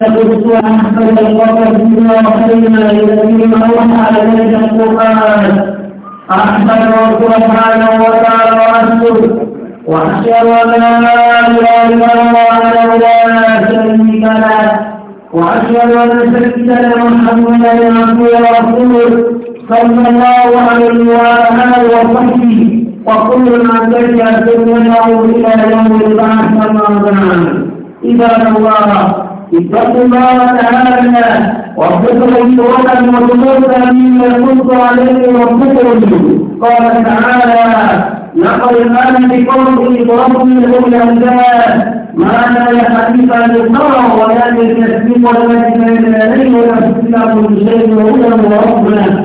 تقص أحسن سبحانه وتعالى رسول وأشهد أن لا إله إلا الله وحده لا وأشهد أن سيدنا محمدا عبده ورسوله صلى الله عليه وآله وصحبه وكل ما تجد سنته إلى يوم البعث أما بعد عباد الله اتقوا الله تعالى واذكروا سورة وذكرت مما كنت عليه ربكم قال تعالى لقد كان بقوله ربهم الأمداد ما لا يحدث عن القرى ولا للتسليم ولا يتنازل عليه ولا تسلم كل شيء وهدى ورحمة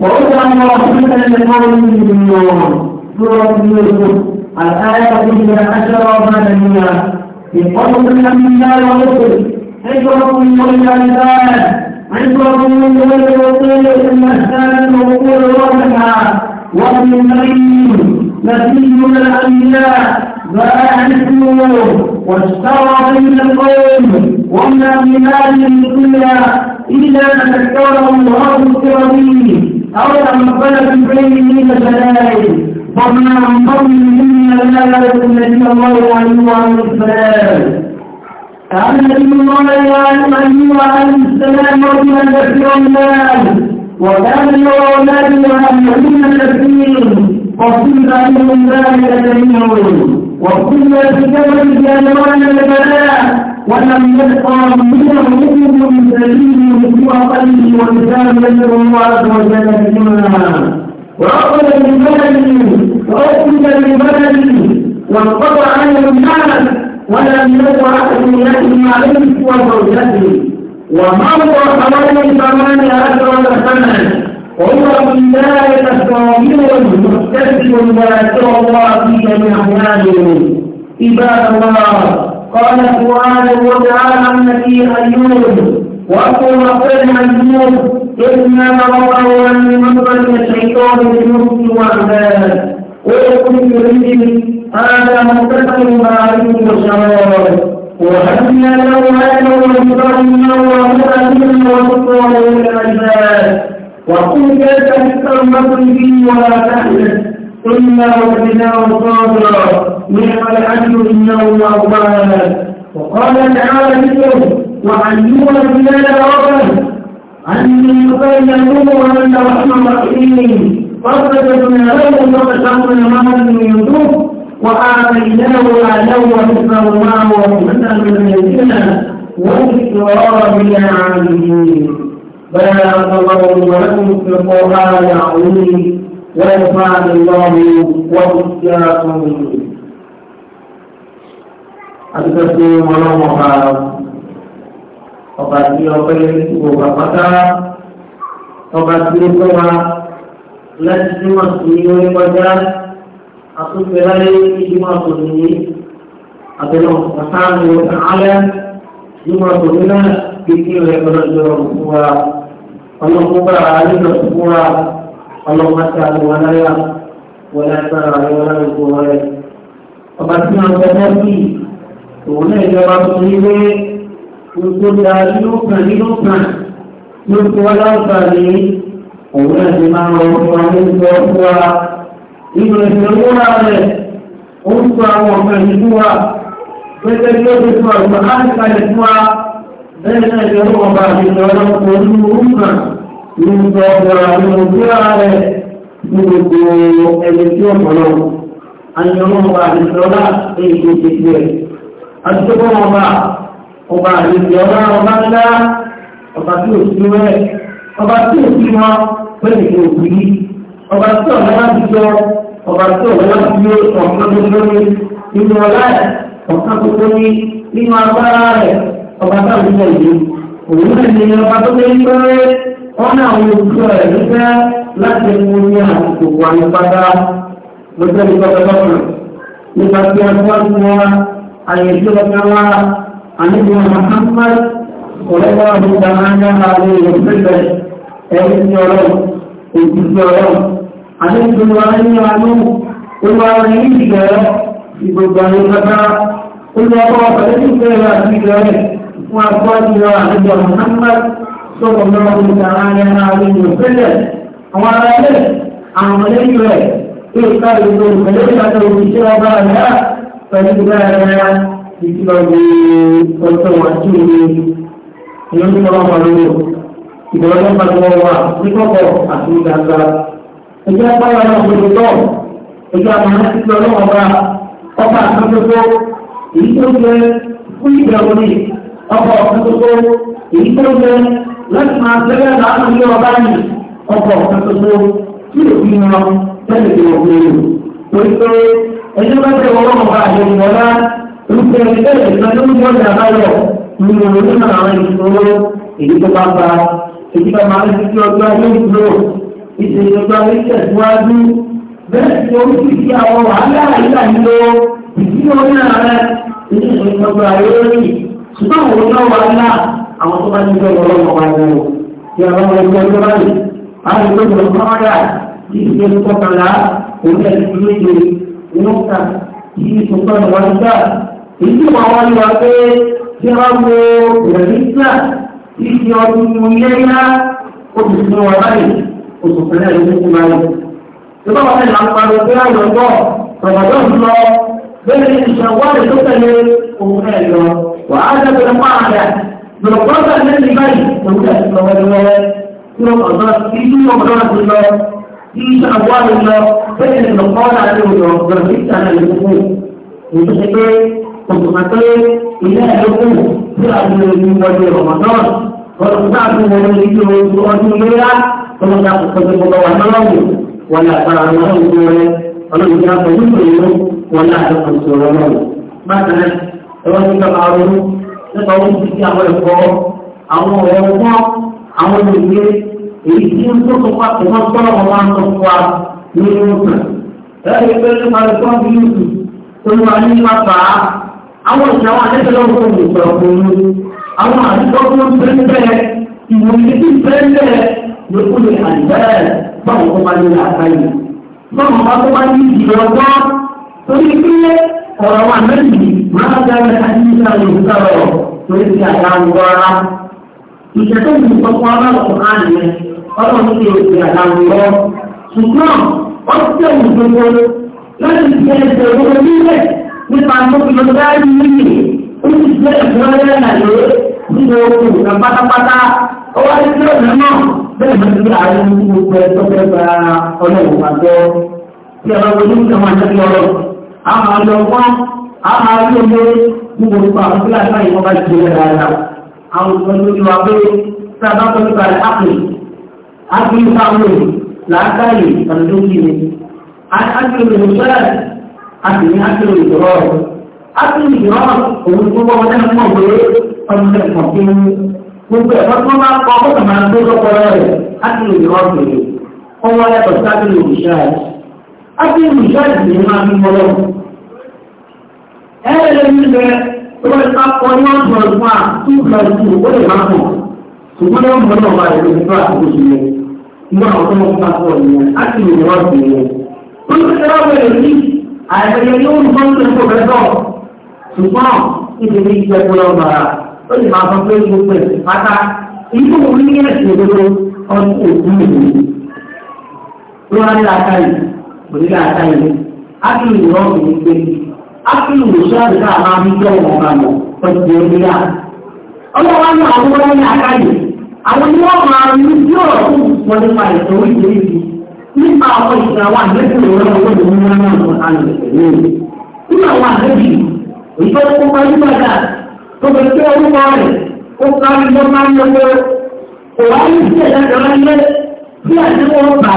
وهدى ورحمة لقوم المؤمنون سورة يوسف الآية الثانية عشر بعد المئة في قول من لله ورسله اشربوا من الأنفال اشربوا من الوصول المهتال الوصول والمحا وابن المريم نسي الأنبياء باع اسمه واشترى بين القوم ومن بمال الدنيا إلا أن اشترى الله به أو أنقل في بينه فسلائل فما عن قوم منا لا يكن نبي الله عليه وسلم أنا نبي الله عليه السلام رجلا كثير المال وكان يرى أولاده يعملون كثير وصيب عنهم ذلك جميع وكل بسبب جلوان لبلاء ولم يبقى منه مؤمن سليم سوى قلبه ولسان يدعو الله عز وجل بهما وأخذ ببلده وأخذ ببلده وانقطع عنه الناس ولم يقع أسميتهم عليه وزوجته ومضى حوالي ثمانية عشر سنة هو من ذلك الصغير ما يسر الله في جميع أعماله عباد الله قال سبحانه وتعالى عن نبي أيوب وأقول قيل أيوب إنما رأوا من مصر الشيطان بنفس وأحباب ويقول في هذا متفق عليه وشرار وهدنا له هذا ومطعمنا ومؤمنا وسطنا للعباد وقل كيف تستنبطن به ولا تحدث إنا وجدناه صابرا نعم العدل إنه أواب وقال تعالى ذكره وعلموا البلاد ربه أني قد وأن أنت رحمة رحيم فقد من إله له وكفر الله ومثل الذين والإقرار بالعالمين بارك الله ولكم في القرآن العظيم وينفعني الله وإياكم Adúgbòsí ọlọ́wọ́ ọba ọba tí ọpẹ́ ìwòba pátá ọba tí ó fẹ́ wa láti tí wọ́n sì ní orí kọjá àtúnṣe láyé ìjùmọ̀ àtòlù yìí àbẹ̀lọ̀ ọ̀sáàmì ọ̀sán alẹ́ ìjùmọ̀ àtòlù náà kéèké rẹ̀ ọlọ́jọ́ fún wa ọlọ́kúnbà àlejò fún wa Allah àlùwàláyà wọlé àtàrà àlùwàlá gbogbo rẹ̀. ọba tí wọn fẹ́ fẹ́ bí òun náà ìjọba tó untuk wé gbogbo da nínú kan nínú kan ló fi wá láǹfààní ìròyìn ìrora rẹ̀ ó ń sọ àwọn ọ̀gá ìlú wa gẹ́gẹ́ bí ó ti sọ ìgbà láti kalẹ̀ fún wa bẹ́ẹ̀ náà ṣe ó ọba àgbègbè ọlọ́run pẹ̀lú orúkà ní sọ ọ̀gá àwọn ìrora rẹ̀ ní gbogbo ẹni tí ó pọ̀ lọ́wọ́ àyẹ̀wò ọba àgbègbè ọlá èyí tó ti fi ẹ̀ àtúntò ọba ńlá ọba tí ò sí wẹ́ ọba tí ò sí wọn pẹ̀lú ìgbòho ọba tí ọ̀nà wá ti jọ ọba tí ọ̀nà wá ti yé ọ̀kan gbogbo ní nínú ọlá rẹ̀ ọ̀kan gbogbo ní nínú agbára rẹ̀ ọba tí ọ̀nà ìjọ ìlú òun náà ní ọba tó lé ní pẹ́rẹ́ wọn náà wọ ojú rẹ̀ nígbà láti mú ní àsìkò wà ní pátá lọ́jọ́ ìgbàgbọ́ nípa tí a fọ́ sí wa àyè tó lọ́kàn wa àníbi Muhammad ọ̀rẹ́wà ọ̀dọ́ àwọn ará àwọn èèyàn pẹ̀lẹ́ ẹ̀rí sí ọlọ́run àdéhùn ayé àánú olúwa rẹ̀ ní ìgbẹ́ ìgbògbà ní bàbá olúwa bọ́ ọ̀pẹ̀lẹ́ ìgbẹ́ rẹ̀ àti ìgbẹ́ rẹ̀ fún agbọ́dì rẹ̀ àdéhùn Muhammad sọ̀rọ̀ náà ní ìtara ní ara rẹ̀ ní òṣèlẹ̀ àwọn ará ilé àwọn ọmọlẹ́yìn rẹ̀ yóò sáré ìgbẹ́ ìpẹ̀lẹ́ ìgbàgbé òṣìṣẹ́ ọba rẹ̀ pẹ̀lú ìgbẹ́ rẹ̀ ìkìlọ̀ ní ọjọ́ ẹjọ́ báyọ̀ náà gbogbo tọ́ ẹjọ́ àmàlà ti lọ lọ́wọ́ bá ọba àtúntò èyí tó jẹ fún ìbẹ̀wò ni ọba àtúntò èyí tó jẹ láti máa tẹ́lẹ̀ láàánú ní ọba yìí ọba àtúntò tí òbí wọn tẹ́lẹ̀ tó wọ́n lò torí pé ẹjọ́ bá tẹ̀ wọ́n lọ́wọ́ bá olùkọ́ ẹni bẹ́ẹ̀ ìgbàlódé ní ọjà báyọ̀ nínú àwọn ìṣòro ìṣèjọba ìtẹ̀síwájú bẹ́ẹ̀ tí oríṣiríṣi àwọn wàhálà àyíká nílò ìdílé orí ààrẹ ìṣèjọba lórí ṣùgbọ́n àwọn ọ̀nà wàhálà àwọn tó bá nílò ọlọ́mọ wa ni o ti àwọn ọmọ ẹgbẹ́ ọjọ́ báyìí àwọn ìgbẹ́ ìgbẹ́ kọ́mọ́dà tí ìgbẹ́ kọkànlá orí ẹ̀sìn méje inú ta tí ìṣùgbọ́n ìwádìí gbà èyí tí wọ́n pé bí wọ́n wo ìrẹ̀lẹ́sà tí ìṣe ọdún ilé yá ó ti fún wa báyìí oṣù kan náà ló ti máa yẹ. Ìjọba wọn ni àwọn àrùn ìgbéra ìlọ ń bọ̀, Ramadan lọ, bẹ́ẹ̀ ni ìṣàwọ́lẹ̀ tó tẹ̀lé òun náà lọ. Wàá dábẹ̀ lọ máa rẹ̀. Lọ̀pọ̀lọpọ̀ ní ní báyìí, òun náà ti lọ wẹ́wẹ́. Tí Ramadan ti ní Ramadan ti lọ, tí ìṣàwọ́lẹ̀ lọ, bẹ́ẹ̀ ni lọ̀pọ̀lọpọ̀ àti òun lọ, ìgbà òtùmọ̀tẹ́ ilé ẹ̀lọ́kù tí a ti lè ní wọlé Ramadan, ọdún náà ti wọlé ìjọ ọdún léyà kọ́nà ká kó kọjú gbogbo wa lọ́wọ́ wọn là bá àwọn ọmọ ìlú rẹ ọlọ́run ká pẹ̀lú ìlú wọn là àjọ kan sọ̀rọ̀ lọ́wọ́. bákan náà ẹwà ní kàkà ronú nípa owó ti fi àwọn ẹ̀kọ́ àwọn ọ̀rọ̀ ọgbọ́n àwọn olùgbé èyí tí ó tó kọ́kọ́ àtẹ̀wọ́n tọ́lọ̀ wọn máa ń sọ fún wa ní ìlú kan. ẹ̀rọ ìgbẹ́lẹ́ máa ń tọ́ bí yìí tó ń wà ní pápá àwọn ìṣàwọn àtẹ́tẹ̀lọ́wọ́ ìwòye tí bẹ́ẹ̀ lókù ní àìbẹ́ẹ̀ báwọn kó máa nílò àbáyé báwọn bá kó máa ní ìdìbò ọgbọ́n torí pé ọ̀rọ̀ wa méjì máa ń dáná àdínníṣà yorùbá rọ̀ torí pé àgbà ń gbọ́ ara ìṣẹ̀tọ́ ìlú sọ́kọ́ aláwọ̀ kan yẹn ọlọ́run ti èsì àgbà ń gbọ́ ṣùgbọ́n ó ti tẹ̀ wù gbogbo láti fi ẹsẹ̀ owó nílẹ̀ nípa gbogbo ó ti jẹ́ ìfúnlẹ̀ ọwọ́ ní tí ọ̀nà náà bẹ́ẹ̀ bá ti láàárín ní gbogbo ẹ̀ tó fẹ́ gba ọlọ́run pàtó tí ọba wọlé ní ọmọ àjọ lọ́rọ̀ a máa lọ wá a máa rí omi ní gbogbo àwọn fúlàṣà ìwọ́n bá ti lè dáadáa àwọn ìpinnu ti wá pé tí a bá tó ti balẹ̀ ápè ápè fáwọn làákàyè ọ̀nà tó kí ni ápè olùsọ́yà àti ápè olùsọ́rọ̀ ápè olùsọ́rọ̀ gbogbo ẹ̀fọ́ tó máa kọ́ kókò máa gbé lọ́pọ̀lọ́ rẹ̀ átìlù ìrọ́pìnì ọwọ́ ẹ̀tọ̀ sátìlù ìṣáàjì átìlù ìṣáàjì ni máa fi mọ́lọ́ ẹ̀rẹ́ nílẹ̀ tó bá ti kọ́ ní wọ́n tọ̀ fún à tó gbà sí ó lè máa pọ̀ ṣùgbọ́n lọ́wọ́ mọ́ náà wà lórí ìfẹ́ àkókò sílẹ̀ nígbà àwọn tó máa pọ̀ nìyẹn átìlù ìrọ́pìnì ó ti ṣe wọ́n bẹ̀rẹ̀ sí àìsàn yẹn yóò ń bọ́ ó sì máa sọ pé gbogbo ẹ̀sìn pátá inú orí ní ẹ̀sìn òdodo ọdún òkú nìyí. ló wá ní ata yìí kò ní ata yìí ákìlì ìrọ̀ kò ní gbé ákìlì ìrọ̀ṣọ́ àdúgbò àwọn abíjọ́ wọn bá lọ ọdún òní yá. ọlọ́wọ́ ní àwọn ọmọ ní ata àwọn ni wọ́n máa ń ní bí ọ̀rọ̀ fún wọn nípa ìtọ́ oríṣiríṣi nípa àwọn ìṣẹ̀lẹ̀ wa ìgbésẹ̀ ìrọ̀lẹ́ owó tó fi tí orúkọ rẹ̀ ó kárí ló máa ń lọ́wọ́ kò wá ní sí ẹ̀dá láyé tí àti wọn bá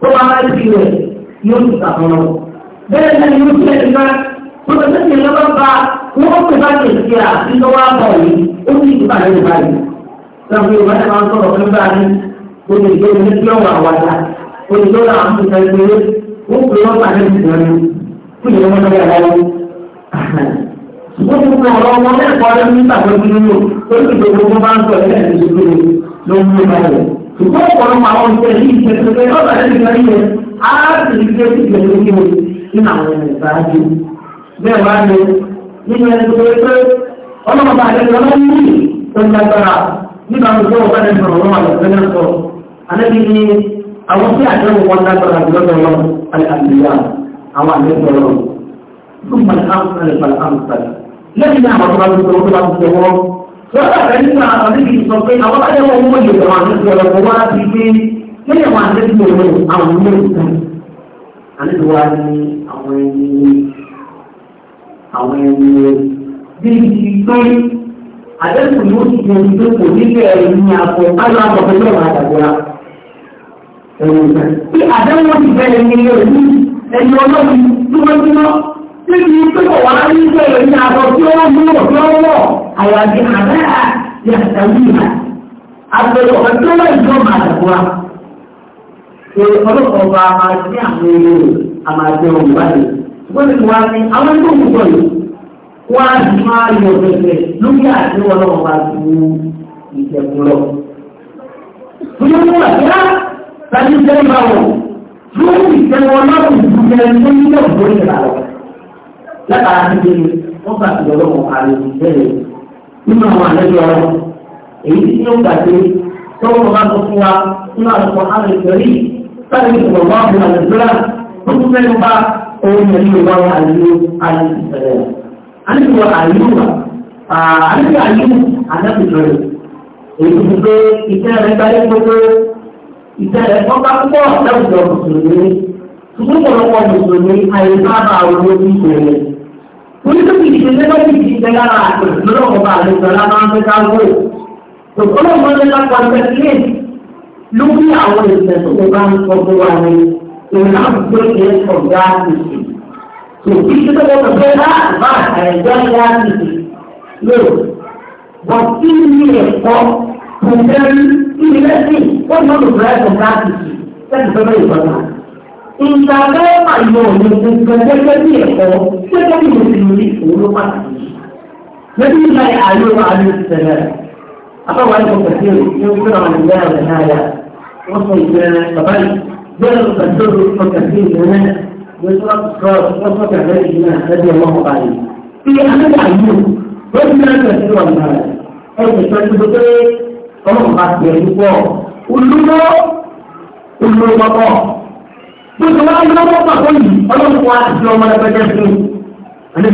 tó bá máa ti rẹ̀ yóò ti tà bẹ́ẹ̀ náà yóò ti ẹ̀dá kan tó tí ìlú bá bá wọ́n kò bá lè ṣe àtúntọ́wọ́ àbọ̀ yìí ó sì ti bàjẹ́ lè báyìí. lọ́wọ́ yorùbá ẹ̀ máa ń sọ̀rọ̀ fún báyìí olùdó ní kí ọ̀wọ̀ àwàdà olùdó náà ń tẹ̀ pé ó pè ọ́ bàjẹ́ ìgbà wọ́n ti kọ ọ̀rọ̀ ọmọ lẹ́kọ̀ọ́ lẹ́nu nígbà tó ń lò ó sì gbogbo tó bá ń sọ ilé ẹ̀sìn tó lò ló ń lò báyìí. ṣùgbọ́n ọ̀pọ̀lọpọ̀ àwọn ìṣe yìí ṣe pé lọ́dọ̀ ẹ̀ ti gbẹ́yìn rẹ̀ á sì rí pé ti gbẹ̀rẹ̀ ní o nínú àwọn ẹ̀rẹ̀ bẹ́ẹ̀ wá ní nínú ẹni tó yẹ pé ọlọ́mọba àlejò tó ń lágbára nígbà tó tó ọ̀gá ẹ̀sìn ọ̀rọ̀ àlọ́fẹ́lẹ́ sọ àlẹ́bí ni àwọn lẹ́yìn náà àwọn tó bá gbogbo tó bá gbogbo wọn. lọ́dà kẹ́lí náà àbíkì sọ pé àwọn bá yẹ̀wò owó yẹ̀ wọ́n àti ìṣẹ̀lẹ̀ kò wá sí pé lẹ́yìn wọn àti ìṣẹ̀lẹ̀ wọn àwọn ilé ìtàn. àlejò wa ni àwọn ẹni àwọn ẹni bíi ti pé àdéhùn yóò ti yẹ ní pé kò nílé ẹ̀rí ní akọ káyọ̀ akọ pé yóò máa ẹ̀rù ìgbà tí àdéhùn ti bẹ̀rẹ̀ ní ẹ̀rí ẹ̀rí ọlọ́run tí níbi pípọ̀ wá ní bẹ̀rẹ̀ ní àbọ̀ tí ó mú ọ̀dọ́ wọ̀ àyàbí àbẹ́rẹ́ yàtàwí ìhà àbẹ̀rẹ̀ ọ̀dọ́ ìjọba àdàbọ̀ra ọlọ́pàá ọba máa ní àwọn èrò àmàjẹ òwúwa rẹ̀ wọ́n ti wá ní àwọn ẹgbẹ́ òkúkọ yìí wọ́n á sì máa yọ ọ̀dẹ̀dẹ̀ lókè àti ọlọ́wọ́ bá ti mú ìjẹ̀kùn lọ. Bóyá wọ́n wà kíá láti jẹ́ ìbáwọ̀ látara níbi ni wọ́n bá ti lọ́wọ́ wọn kàlẹ́ ìbẹ̀rẹ̀ nínú àwọn àlejò ọ̀rọ̀ èyí tí ó gbà pé tọ́wọ́ bá tó fún wa nínú àlùkò àlè ìfẹ̀rí sáré ìfọ̀rọ̀ wá fún àlè ìfẹ́rà tó tún mẹ́nu bá ohun ẹ̀rí ìwà àlejò àlè ìfẹ̀rẹ̀. àlejò àyùwà àlejò àyùwà àlẹ́bìtọ̀rẹ̀ èyí ti pé iṣẹ́ rẹ̀ gbáyé gbogbo iṣẹ́ rẹ̀ tọ́ka púpọ̀ láwùjọ mùsùlùmí ṣùgbọ́n ọ̀pọ̀lọpọ̀ mùsùlùmí àyè onídókì ìdíje lẹ́gbẹ̀ẹ́ ti ìdíje lára àgbẹ̀ lọ́dọ̀ ọba àlejò aláma ń fẹ́ká wò òkúrò mọ́lẹ́ lápá tẹ́lẹ̀ lórí àwọn ìṣẹ̀ tó bá ń sọ fún wa ní ìlànà tó yẹ ọ̀gá àtìsí òbí tó tó wọ́n fẹ́ bá bá àìjọ ìyá àtìsí lò wọ́n ti ní ẹ̀kọ́ kò fẹ́ rí ilé sí wọ́n mọ̀ lò fẹ́ ọ̀gá àtìsí sẹ́ni fẹ́ bẹ́ẹ̀ ìfọ̀tà ìgbà mẹ́fà yọ ọ̀nà gbogbo gẹ́gẹ́ bí ẹ̀kọ́ gẹ́gẹ́ bí mùsùlùmí òun ló pàtàkì yìí. lẹ́bí ìgbà àlọ́ àlọ́ ìṣẹ̀lẹ̀ àbáwá ẹ̀kọ́ pẹ̀lú ìṣẹ́ òun náà ní ìyá rẹ̀ náà yá wọ́n sọ ìgbẹ́rẹ́ bàbá yìí bẹ́ẹ̀ ló pẹ̀lú orúkọ pẹ̀lú ìgbẹ́rẹ́ wọ́n sọ pẹ̀lú ìgbẹ́rẹ́ lẹ́bí ọlọ́run báyìí tó ti wáyé lọ́wọ́ pàtó yìí ọlọ́run wa ti fi ọmọ ẹgbẹ́jẹ́ fún un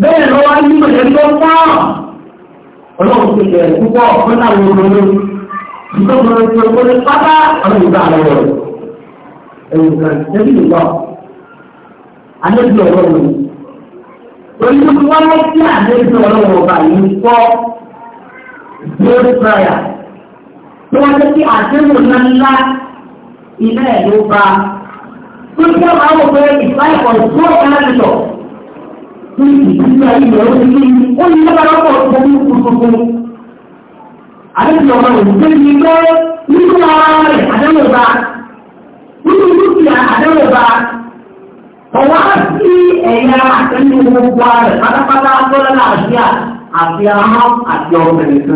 bẹ́ẹ̀ lọ wá ní ìmọ̀lẹ́ tó pọ̀ ọlọ́run ti lẹ̀ púpọ̀ fún àwọn olóyún ìtọ́jú ti ọkọ ní pátá ọlọ́run gbà lọ́wọ́ rẹ̀ ẹ̀wù kan ẹbí nìgbà alẹ́bí ọlọ́run olùkọ́ tí wọ́n lọ sí àlẹ́bí ọlọ́run ọba yìí kọ́ bíó prayer tí wọ́n lọ sí àdéhùn ńlá ilé ẹ̀ ló bá tó jẹ́ máa wò pé ìfáìkọ̀ tó ẹlẹ́dọ̀ tó ìdílé ilẹ̀ ó ti kí ó ní lọ́ba lọ́pọ̀ omi kùtùkù. Àdéhùn ọmọ rẹ̀ tó ti gbé nínú ara rẹ̀ àdéhùn bá nínú dúkìá àdéhùn bá ọwọ́ sí ẹ̀yà àtẹ́lẹ̀ gbogbo ara rẹ̀ pátápátá lọ́lá àṣìá àti ahọ́n àti ọmọ rẹ̀ tó.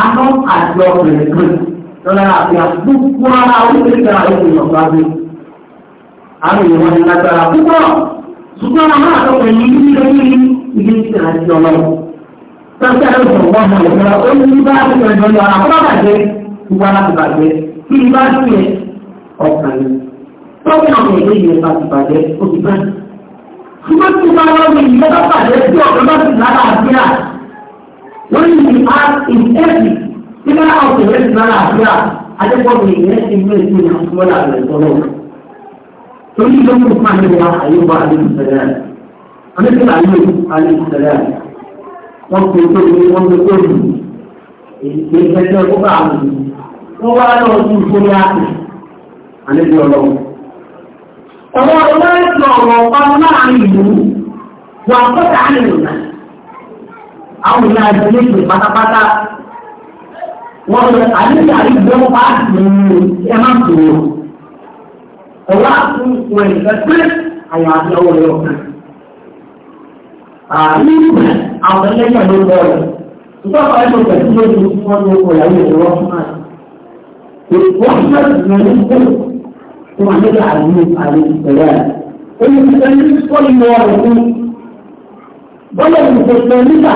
Ahọ́n àti ọmọ rẹ̀ tó lọ́la àti àgbúkú ara orílẹ̀-èdè àwọn ìyọ̀gbá gbé. Àwọn èèyàn ni lágbára púpọ̀, ṣùgbọ́n àwọn àtọ́kọ̀ ní ilé ní ilé tí a ti ọlọ́run. Tọ́jú àwọn ìṣọ̀gbọ́n ọmọ ìṣọ̀rọ̀ ó ní bá ti ẹ̀jọ̀ lọ àwọn bá bàjẹ́ ìwà láti bàjẹ́ kí ni bá ti ẹ̀ ọkàn ni. Tọ́jú àwọn èdè yẹn bá ti bàjẹ́ ó ti bá. Ṣùgbọ́n tí wọ́n lọ ní ìjọba tí bá àwọn òṣèré ti bá làásùrà adébọ̀bù ìyẹn ti gbé èsì náà fún wọn àgbẹ̀ sọ́nà torí ló mú fún àyè wa àyè wa àdébù sẹ̀rẹ̀ àdébù àyè àdébù sẹ̀rẹ̀ wọ́n pe tó ní wọ́n pe tó ní èyí ẹgbẹ́ kó bá àwọn wọ́n wá lọ sí ìfúnni àpè àdébù ọlọ́wọ́. ọ̀rọ̀ ọlọ́ẹ̀sì ọ̀rọ̀ ọ̀pọ̀ wọ́n lọ àyíká ìgbọ́n bá nínú ẹ má tòrò ọ̀rọ̀ àtúntò ẹ̀ ẹ̀fẹ́ àyàfi ọwọ́ rẹ̀ ọ̀kan. ààrí ìgbẹ́ àwọn ẹlẹ́yìn ló lọ rẹ̀ ṣùgbọ́n ọ̀rọ̀ ẹ̀fọ́ pẹ̀lú lójú tí wọ́n ló kọ̀ ìyàwó ìwọ́ fún náà. wọ́n ti bẹ̀rẹ̀ sí ẹni tó tó wà nígbà àrùn àrùn ìpẹ̀lẹ̀ rẹ̀. omi ti ẹni tó ń lọ rẹ̀ fún bọ́lá ìgbésẹ̀ nígbà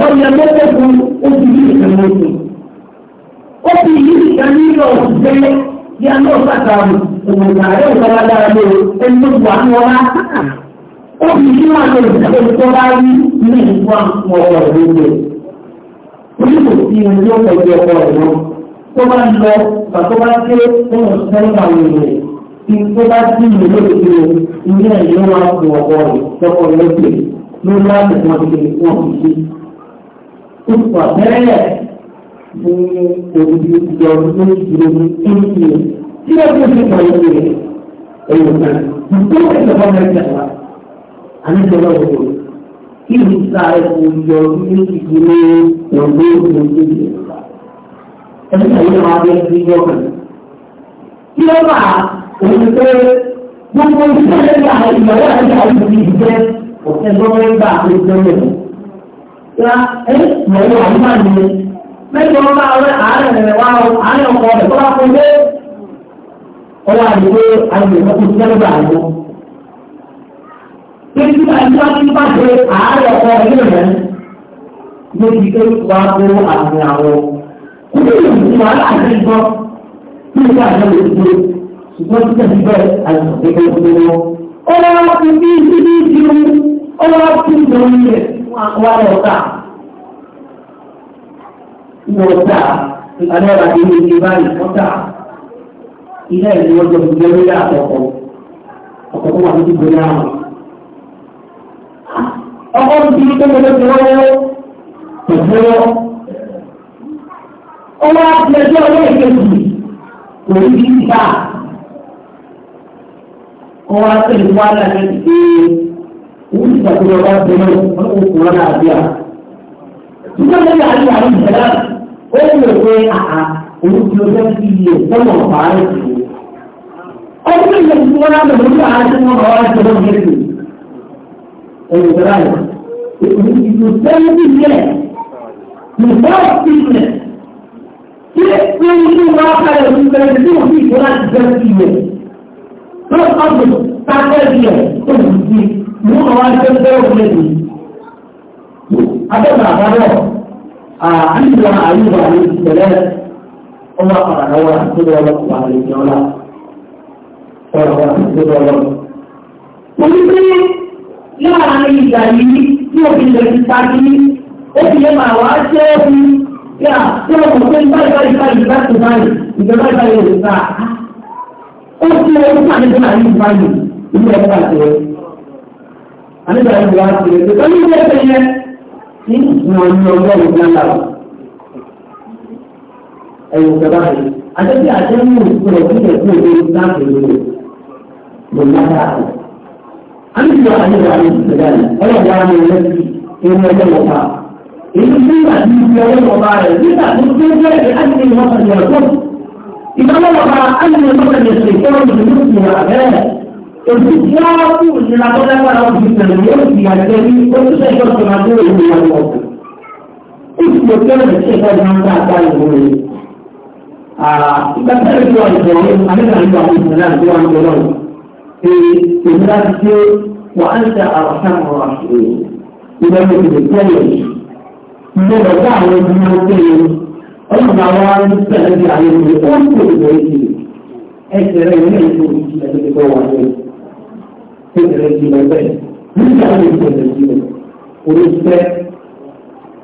tó ń ó fi yí ìgbà nílò òṣìṣẹ́ bí a náà pàtàkì òmùgbà rẹ̀ ìjọba dára lé ẹni tó wà ní ọlá. ó fi yí wà lórí ìṣàkóso tó bá rí ní ìfọ́ ọ̀rọ̀ ìwé. oníkò sí ohun tó pẹ̀lú ọkọ̀ ẹ̀rọ tó bá ń lọ bàtó bá dé ohun ìṣẹ́ ìbàwọ̀ ìwé. Ìgbó bá sí ìlú lóde ilé ẹ̀yọ́ wa kò ọ̀pọ̀ rẹ̀ lọ́kọ̀ lọ́sẹ̀ lórí láti wọ́n ti wọ́n fi ní òbí ìjọba ní ìdílé ní ìdílé tí wọ́n tún fi mọ̀ ní ẹ̀yọ̀ kan tó ń tẹ̀lé ọmọ ẹ̀jẹ̀ wa àníjọba òkú kí ní sa ẹ̀kọ́ ìjọba ní ìdílé òbí ìdílé ẹ̀jẹ̀ kan yóò máa bẹ́ẹ̀ sí ìjọba kan. kí ló bá òun pé gbogbo ìṣẹ̀lẹ̀ ní àwọn ìyàwó àti àwọn ìdílé ọ̀sẹ̀ gbọ́dọ̀ ń bá àwọn ìjọba yẹn. Ìyá ẹ̀ ìyàwó àyíká ni mẹ́jọ bá ọ̀rẹ́ àárẹ̀ rẹ̀ wá àárẹ̀ ọkọ rẹ̀ tó bá fún dé. ó wà àgbè mọ́tò tí wọ́n gbà pé tí bá ẹni bá ti bá ṣe àárẹ̀ ọkọ rẹ̀ rẹ̀ ló ti ké wá fún àmì àwọn. kúrò ìlú wàhálà àti ìgbọ́ kí ló wà lọ́wọ́ ìgbó ṣùgbọ́n tí tẹ̀sí bẹ́ẹ̀ àìsàn kékeré fún mi lọ ní ọ̀tá ìpàdéwà ní ilé ìgbé báyìí ọ̀tá ilé ìlú ọjọ́ ìgbé lórí àkọ́kọ́ ọ̀pọ̀ tó wà ní ìgbé náà. Ah! ọkọ̀ ti di tó lọ́wọ́ ti wọ́wọ́ pẹ̀lú ọwọ́. ọwọ́ àti ẹjọ́ ọwọ́ ìkejì kò ní bí ìgbà. ọwọ́ àti ẹjọ́ wà láti ṣe òun ìgbà tó lọ́wọ́ àti ẹjọ́ ọkùnrin náà àbíà. Nígbà tó yà á ní àwọn ó lè pé àà òun ti o fẹ́ fi iye tọ́nà pààrọ̀ sí i. ọdún tó yẹ wọ́n á lọ lórí àwọn tí wọ́n bá wá jẹ́ wọ́n yẹn ẹ̀yìn ìgbà rẹ̀ èmi ìlú sẹ́yìn bí yẹ ìgbà ìpínlẹ̀ tí ó ń ní wọ́n á kárẹ̀ òun tí wọ́n fi ìgbà láti jẹ́ sí iye. lọ́wọ́ ọ̀gbìn táwọn ẹ̀yẹ tó ń fi mú àwọn ajẹ́ bẹ́ẹ̀ wọlé àìsàn àyùbá ní ìṣẹ̀lẹ̀ ọmọ àpàdánwò àtúndì ọlọ́pàá àlejò ọlá ọlọ́pàá àtúndì ọlọ́pàá. mo ní pé láàárín ìgbà yìí tí òfin lè ti parí ó fi lè máa wá jẹ́ ẹ̀kú yà tí ọmọ pé báyìí báyìí báyìí bá ti báyìí ìjọba báyìí ò sá ó fi owó sàlẹ̀ náà ní báyìí ilé ẹ̀ka àti ẹ̀ àníbàyìí wá sí ẹ̀ tí ìwọ̀n ní ọjọ́ ìgbà lára. Ẹ̀yìn ìjọba rẹ̀, àtẹ́tí àtẹ́mú ìpínlẹ̀ ìpínlẹ̀ tí èdè láti lè lò lára. A ní ìwà àyẹ̀wò àyè ìpínlẹ̀ rẹ̀, ọlọ́dà ni ẹ̀rẹ́ ti ìwọ̀n ọjọ́ ìwọ̀pá. Èyí tí wà ní ibi ọjọ́ ìwọ̀pá rẹ̀ nígbà tó tó bẹ̀rẹ̀ láti lè wọ́pàá ìyàtọ̀. Ìgbà Èsì tí wọ́n wá fún ìlera tó dágbára wọn fi tẹ̀lé yóò fi àjẹ ní ojúṣe ìjọ tó máa dúró ìlú wọn lọ. Ìsì tó kẹ́rẹ̀ ní ṣẹ̀dá ìlú wọn dáadáa ìlú rẹ̀. Ìgbà tẹ́lẹ̀ tí wọ́n jọ àmìlà ìlú àwọn ìlú náà tí wọ́n jọ lọ. Ṣé èmi láti ṣe wà á ń ṣe àwọ̀sán ọ̀rọ̀ àṣírí? Ìgbà mi ò lè tẹ́lẹ̀. Mo lọ bá àwọn ẹbí pèsè sí lọ bẹ́ẹ̀ nígbà tó pèsè sí lọ orí fẹ́.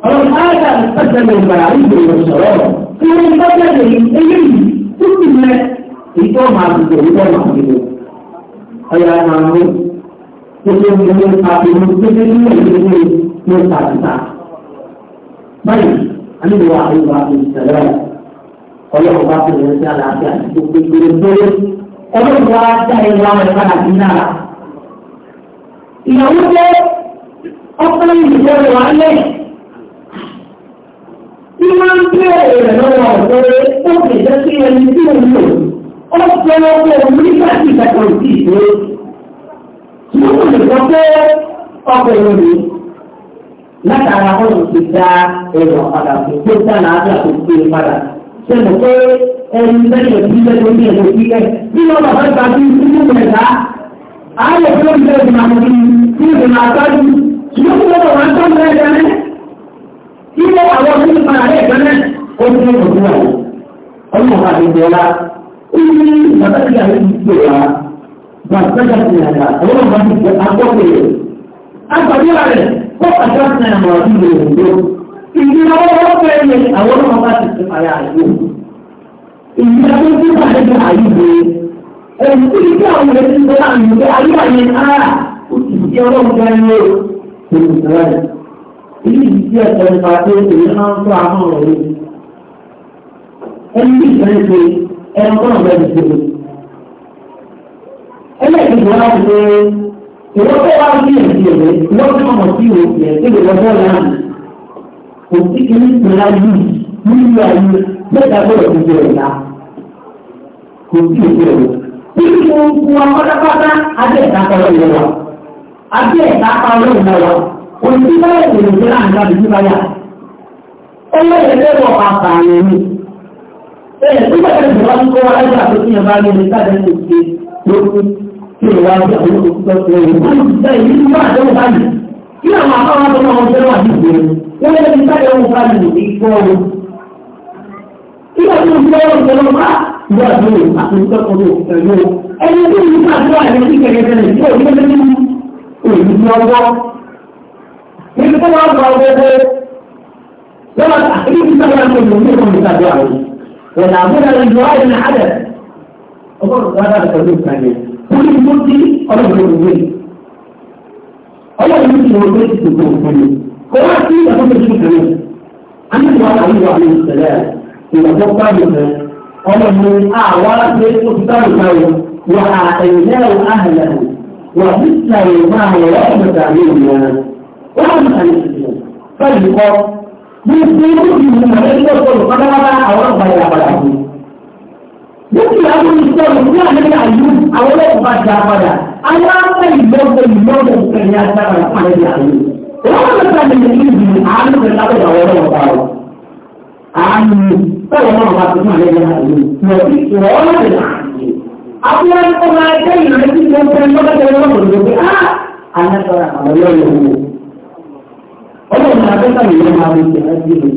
ọ̀rọ̀ ága pẹ̀sẹ̀lẹ̀ ìgbà sọ̀rọ̀ tí wọ́n bá bẹ̀rẹ̀ eléyìí tó ti lẹ ìtọ́ máa dùdò ìtọ́ máa dùdò. ọ̀yà máa mú gbogbo ìgbèrò àbẹ̀wò gbogbo ìgbèrò ní pàtàkì. báyìí alẹ́ wa àyùbá ìṣẹ̀lẹ̀ ọlọ́run bá fi rẹ̀ sí àlàáfíà gbogbo ìgbèrò ọlọ́run wa dá ìwà rẹ̀ ìyàwó jẹ́ ọkùnrin ìjọ rẹ̀ wá lẹ̀. máa ń gbé ẹ̀rẹ̀ lọ́wọ́ ọ̀gbẹ́rẹ́ ó lè jẹ́ sí ẹni tí ó lò. Ó jẹ́ ọkọ̀ nígbà tí ìdí ìgbé. Wọ́n kò lè sọ pé ọkọ̀ èrò látara ọ̀rọ̀ ti dá ẹ̀rọ padà tó tó dá làájá tó gbé padà. Ṣé pé ẹni lẹ́yìn ìdílé lórí ẹ̀rọ ìdílé? Bí wọ́n bàbá ìgbà tí ìdílé mẹ́ta ààyè tí ó ń bẹ̀rẹ̀ ìgbìmọ̀ àmọ̀ bíi tí ìgbìmọ̀ àtọ́jú ṣùgbọ́n tí wọ́n wọ́n tó ń bẹ̀rẹ̀ ìgbìmọ̀ tí wọ́n àwọn tó ń fara rẹ̀ gbẹ́mẹ̀ ó ti ń bọ̀ wọ́n ọmọ wa ti bọ̀ la ó ní bàtàkì àyè ti bọ̀ la bàtàkì àti àyà ọmọ wa ti bọ̀ agbọ́pẹ̀ rẹ̀ agbàdúrà rẹ̀ kó àjọsìn àmọ̀ àti ìgbìmọ̀ ìgbìmọ̀ wọ́n fẹ́ yẹ àwọn ọmọ wa ti ti fara àyè ti fara ẹ̀rù tó ní kí àwọn ọmọdé ti ń bọ́ ayé àyè ara ah, ó sì ti ọlọ́run bá ń lé o kò ní rẹ̀. Èyí ti di ẹ̀sẹ̀ nípa pé èyí máa ń tó àwọn ọ̀rọ̀ rẹ̀. Ẹni bí ìfẹ́ ṣe ẹran tó ọ̀rọ̀ rẹ̀ ṣe. Ẹlẹ́ẹ̀kejì wá ti pé ìwọ́n tó wá sí ẹ̀sìn ẹ̀rẹ́ wọ́n tó sí òkè ẹ̀sìn tó láàrin. Kò tí gbogbo akọ́dápátá adé ìdápa ọlọ́run wa adé ìdápa ọlọ́run wa òní báyẹ̀ lèrè tó láàrin láti ní báyà owó ẹ̀rẹ́ wọ̀ pàpà àyẹ̀ mi ẹ̀ẹ́ tó bá tẹ̀lé wá kó wá láyé àti ìyẹn bá lè sáré ní òkè lókun tí ó wá sí àwọn òkúta tó lè wọ́n ti sẹ́ ìlú bá àdéhùn báyìí kí àwọn àbáwọn tó máa ń fẹ́ràn àdéhùn wọn lè ti nígbà tó ń gbọ́ ìjọba bá ìgbà tó ń àtúntò ọ̀rọ̀ pẹ̀lú ẹni tó ń gbà tó àyè sí kẹ̀kẹ́kẹ́rẹ́ tí ò ní lé ní òní ní ọwọ́. Níbi tó wá gba owó lọ́wọ́ àti níbi tó wá gba owó ní ìwọ̀n ìgbà tó àyè. Wọ̀nà àbúrò rẹ̀ jọ àyè ní àdẹ̀. Ọgọ́rùn-ún wá dára pẹ̀lú ìkànnì. Wọ́n ti mú sí ọlọ́run ọlọ́run ti wọ́n tó ti tòkó òfin kò wá sí ìgbà tó ti tòkó àmì ìwà àwọn ìwà àwọn ìṣẹ̀lẹ̀ ìwọ̀n tó gbàgbé rẹ̀ ọmọ mi àwa ṣe tó ti gbàgbé báyìí wà á ẹ̀yìn náà àhàlà wà á bísí àyè máa wọ̀ wọ́n mọ̀ tàbí ìwọ̀n wọ́n mọ̀ tàbí ìwọ̀n báyìí kọ́ bí bí ó ti wù mọ̀ ẹ́ tó tó lọ́kọ́lọ́kọ́ àwọn ọ̀gbà yà padà bù. Níbi àwọn ìṣòro ní àlẹ́ àyù àwọn ọ̀gbà jà padà àwọn ọ̀gbà ìlọ́gbẹ̀ ìlọ́gbẹ̀ ìkẹyà sára àlẹ́ àyù. Wọ́n mọ̀ tàbí àánú bẹ́ẹ̀ náà wà fún àlẹ́ yẹn àlè mọ̀ sí ìwọ́n lè láàyè. Àbúrò tó máa jẹ́ ìrántí tó ń fẹ́ lọ́kọ̀tẹ̀ lọ́kọ̀tẹ̀ pé á alágbára àwọn yọ̀ọ̀yọ̀ wò. Ọlọ́run máa bẹ́ẹ̀ sọ̀rọ̀ yẹn máa wọ ìṣẹ̀lẹ̀ sí mi.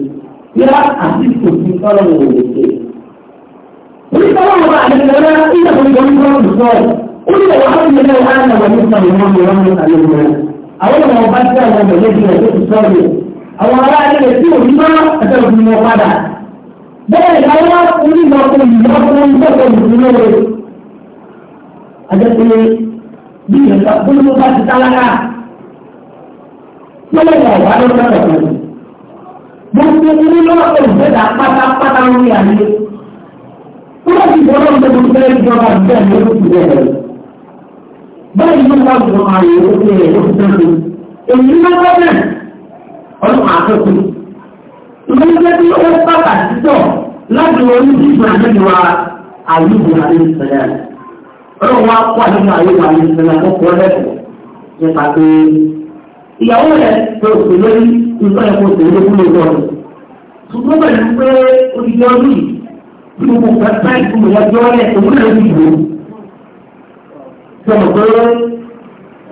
Yá àti kò sí sọ́rọ̀ wò lè ṣe. Orí sọ́rọ̀ wà àdìgbẹ́ rẹ̀ ilé ìwọ̀n ìwọ̀n ìwọ̀n ìwọ̀n ó ní ọ̀wá ọ̀hún ilé ìwọ̀n àwọn ọmọ ìwọ̀n ìwọ̀n ìwọ̀n ìwọ̀n àwọn ọmọ ọba tí àwọn ọmọ ìwọ̀n ìwọ̀n ìwọ̀n àwọn ará ilé tí ò ní máa ẹ̀fẹ́ òfin wọn padà. Bẹ́ẹ̀ ni àwọn onímọ̀kùn ìyá fún ìgbọ́kọ̀ òfin lóore. Adékúnlé bí ìyẹ̀fà bólú bá ti tálákà. Tọ́lẹ̀ wà wá ló fẹ́ pẹ̀lú. Gbogbo orí lọ́wọ́ olùfẹ́ta pátápátá ń rí àlè. Wọ́n ti bọ́ lọ́wọ́ tó fẹ́ ìjọba bẹ́ẹ̀ ló ti bẹ̀rẹ̀. Bẹ́ẹ̀ ni ọlọ́run àkókò. Ìgbésẹ̀ tí ó pàtàkì tọ̀ láti orí sí ìgbàlejò àyùbò àdéhùnsẹ̀lẹ̀. Ọlọ́run wá kó àyùbò àyùbò àdéhùnsẹ̀lẹ̀ tó kọ́ lẹ́kọ̀ọ́ nípa pé ìyàwó rẹ̀ tó pè lórí ẹ̀kọ́ tó fún lóòótọ́ Ṣùgbọ́n pẹ̀lú pé odidi ọdún yìí tí gbogbo nǹkan tá ìfúnmi lọ́jọ́ rẹ̀ òun náà ti dùn. Sọ̀rọ̀ pé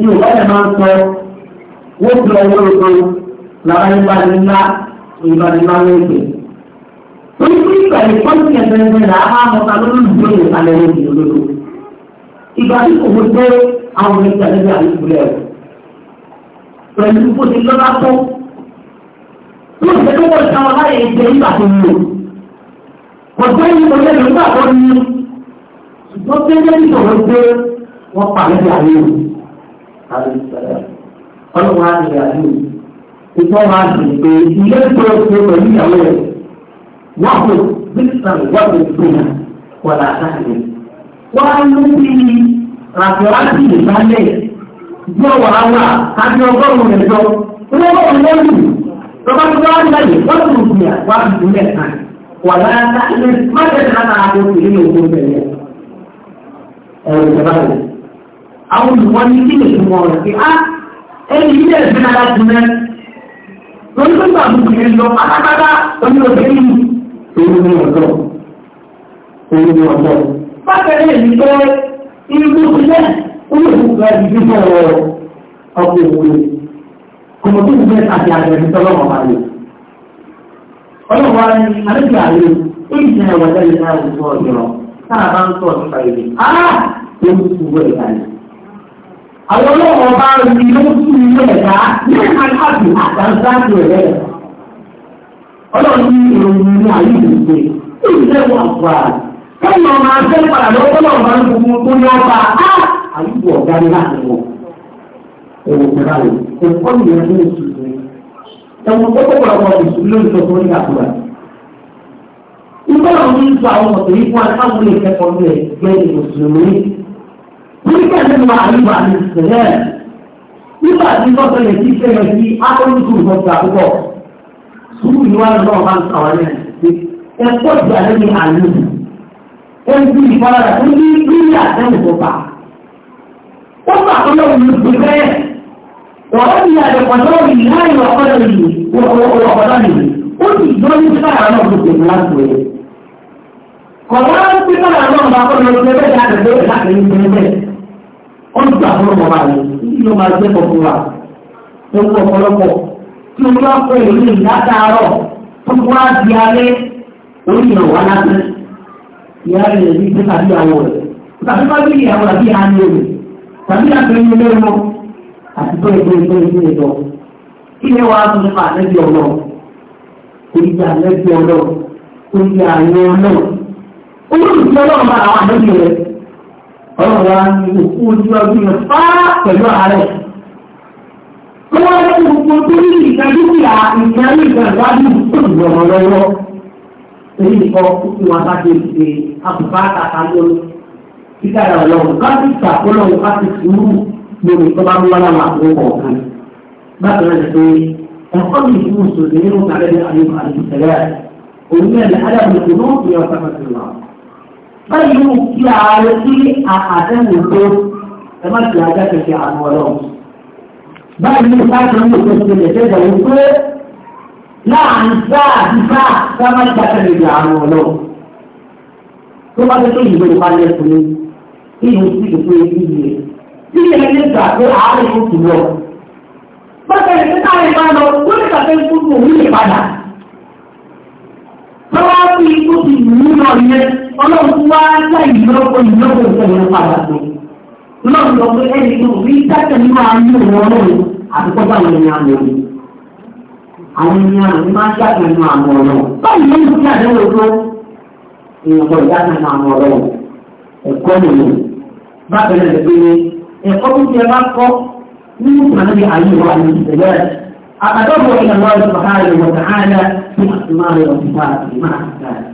Yorùbá yẹn máa ń sọ lára ìbánilá ìbánilá lóde. Wọ́n ti gbà ní pọ́ńtì ẹ̀fẹ̀ẹ̀fẹ̀ là á mọ ta lórí ìgbé ìsàlẹ̀ lóde olódò. Ìgbà tí kò mú pé àwọn ìgbà níbi àdìsúlẹ̀ rẹ̀. Pẹ̀lú bó ti lọ́lá tó. Wọ́n ti tẹ́tọ́ wọ́n sáwọn láyé ìjẹ nígbà tó ń lò. Ọ̀jọ́ yìí mo lẹ́nu nígbà tó ń lò. Ṣùgbọ́n tẹ́lẹ̀ ní ìṣòro pé wọ́n pa níbi àdìsúlẹ̀. Ọlọ́run á ti rẹ̀ àdìsúlẹ̀ ìtọ́ máa dì pé ilé tó ṣe pẹ̀lú ìyàwó rẹ̀ wọ́n kò bíkítà wọ́n kò gbìyànjú wọ́n là dáhìí. wọ́n á ló bí ràpẹ̀ràpì ìbálẹ̀ bí ọ̀wọ̀ àwà àti ọgọ́rùn-ún rẹ̀ jọ wọ́n wọ́n wọ́n lù lọ́ba tó wá láyé wọ́n tó gbìyà wá bìbí mẹ́ta wọ́n là dáhìí má tẹ̀lé náà náà tó kéré ní ogun tẹ̀lé ẹ̀rọ ìjọba rẹ̀. àwọn olùwọ́n ní kí torí pé bàbá mi lè lọ pátápátá oní obìnrin èyí ni ọ̀dọ́ èyí ni ọ̀dọ́. bákẹ́rẹ́ èyí pé irú iṣẹ́ olóògùn ẹ̀dí fífọ́ ọkọ̀ òwúrọ̀ kòmọ̀tò ìgbẹ́ àti àgbẹ̀bí tọ́lọ́mọ̀ bá lè. ọlọ́wọ́ ni àdébí àlè èyí ti ẹ̀wọ̀n lẹ́yìn náà wùsọ̀ ọ̀dọ́ náà bá ń sọ̀rọ̀ nípa ìlú. ah! ó ń sùn wẹ̀ ìbàlẹ̀ àwọn ọlọ́wọ́ bá ń rí ló ilé ẹ̀dá ní àkáàbì àtàǹsáàbì rẹ̀ ọlọ́run ní ìròyìn ní ayé ìgbè tí ìlú ẹ̀wọ̀n àgbà kẹ́yìn ọmọ afẹ́ padà lọ́wọ́ lọ́wọ́ bá ń tó ní ọba á àyíkú ọ̀gá ní láti wọ̀ ẹ̀wọ̀n ìjọba rẹ̀ ẹ̀kọ́ ìyẹn tó ń rẹ̀ ẹ̀wọ̀n tó kọ́ pọ̀lọpọ̀ ìṣúlẹ̀ ìṣọ̀tún ní àkùrà ìgbọ́n àwọn oníṣòwò àwọn ọ̀sẹ̀ yìí fún akáwọn ilé ìkẹ́kọ̀ọ́ nígbà tí mo máa nígbà ní sẹ́lẹ̀ nígbà tí wọ́n fẹ́lẹ̀ sí fẹ́lẹ̀ sí akọ́nìkù ìfọ̀gbà púpọ̀ sùúrù ni wọ́n lọ́wọ́ bá ń sọ̀rọ̀ ní ẹ̀kọ́ ìgbà lẹ́nu àlù ẹ̀kú ìfaradà tó ní nílé àtẹ́wò tó bá. ó gbà tó lọ́wọ́ ní ìgbé bẹ́ẹ̀ wọ́n ní àdẹ̀kọ̀ lọ́wọ́ ní láì ọ̀kọ́dọ̀ nìyí ọ̀kọ́dọ̀ nìyí ó sì dúró ní sára náà tó tẹ̀lé láti wẹ̀. kọ̀ọ̀kan ti sára náà bá kọ́ lọ sí ẹgbẹ́ wọ́n gbà fún ọmọ rẹ̀ kí ló máa jẹ́ kọ̀ọ̀kan wa ewu ọ̀pọ̀lọpọ̀ tí o bá kọ ìlú ìdádáàrọ̀ tó kọ́ àti alẹ́ oríyàn wà láti ìyá rẹ̀ ní pé tàbí àwọ̀ rẹ̀ tàbí bá bí ìyàwó àbí àánú rẹ̀ tàbí àtẹ̀yìn lẹ́nu àti tó ìgbé ìgbé ìgbé ìgbé kí ni wàá tún nípa àlẹ́bí ọ̀nà oríyàn àlẹ́bí ọ̀nà oríyàn àyẹ̀ ọ̀nà olóòtú ọlọ́run bá àwọn àlẹ́bí rẹ̀ ọlọ́run wa ní òkú ojú ọdún yẹn fá pẹ̀lú ààrẹ. wọ́n wá ní gbogbo tó ní ìka dúkìá ìka ní ìka ìwádìí ìkóòdù ọ̀rọ̀ lọ́wọ́. èyí nìkan kúkú wa bá ti ṣe àbùbá àtàkà lórí kíkà ìrọ̀ lọ́wọ́ bá ti ṣàkólọ́ wá ti sùúrù lórí tó bá ń wá ṣe ẹ̀kọ́ mi ìfún òṣèlú pẹ̀lú kí ààrẹ sí àtẹ́wò tó ẹ má ti ajá kẹ̀kẹ́ àwọn ọlọ́run. Báyìí ní sáàtì ń lòkè sí ilẹ̀ tẹ́jọ wí pé láàrin sáà àti sáà ká má ti ajá kẹ̀kẹ́ àwọn ọlọ́run. Tó bá tẹ́tẹ́ ìwé ìpalẹ̀ fún mi, ìlú sí ìpé ìyè. Tí ilẹ̀ ní gbà pé ààrẹ yóò ti lọ. Bọ́sẹ̀ ìpínlẹ̀ ìpalọ̀, wọ́n ní kàfẹ́ fún òun ìpadà lọ́wọ́ fún ikú ti mú lọ yẹn ọlọ́run wá láì lọ́kọ̀ ìlọ́kọ̀ ìṣẹ̀lẹ̀ padà sí lọ́run lọ pé ẹni tó rí dákẹ́ ní máa mú wọn lọ́run àtúkọ́ bá wọn ní àmọ́ mi àwọn ní àmọ́ máa ń dákẹ́ nínú àmọ́ ọlọ́run báyìí ló ń fi àdéhùn tó èèyàn bọ̀ dákẹ́ nínú àmọ́ ọlọ́run ẹ̀kọ́ nìyẹn bákan náà lè pé ẹ̀kọ́ tó ti ẹ bá kọ́ nínú ìpàdé أتضرع إلى الله سبحانه وتعالى في أسماء وصفاته مع الثالث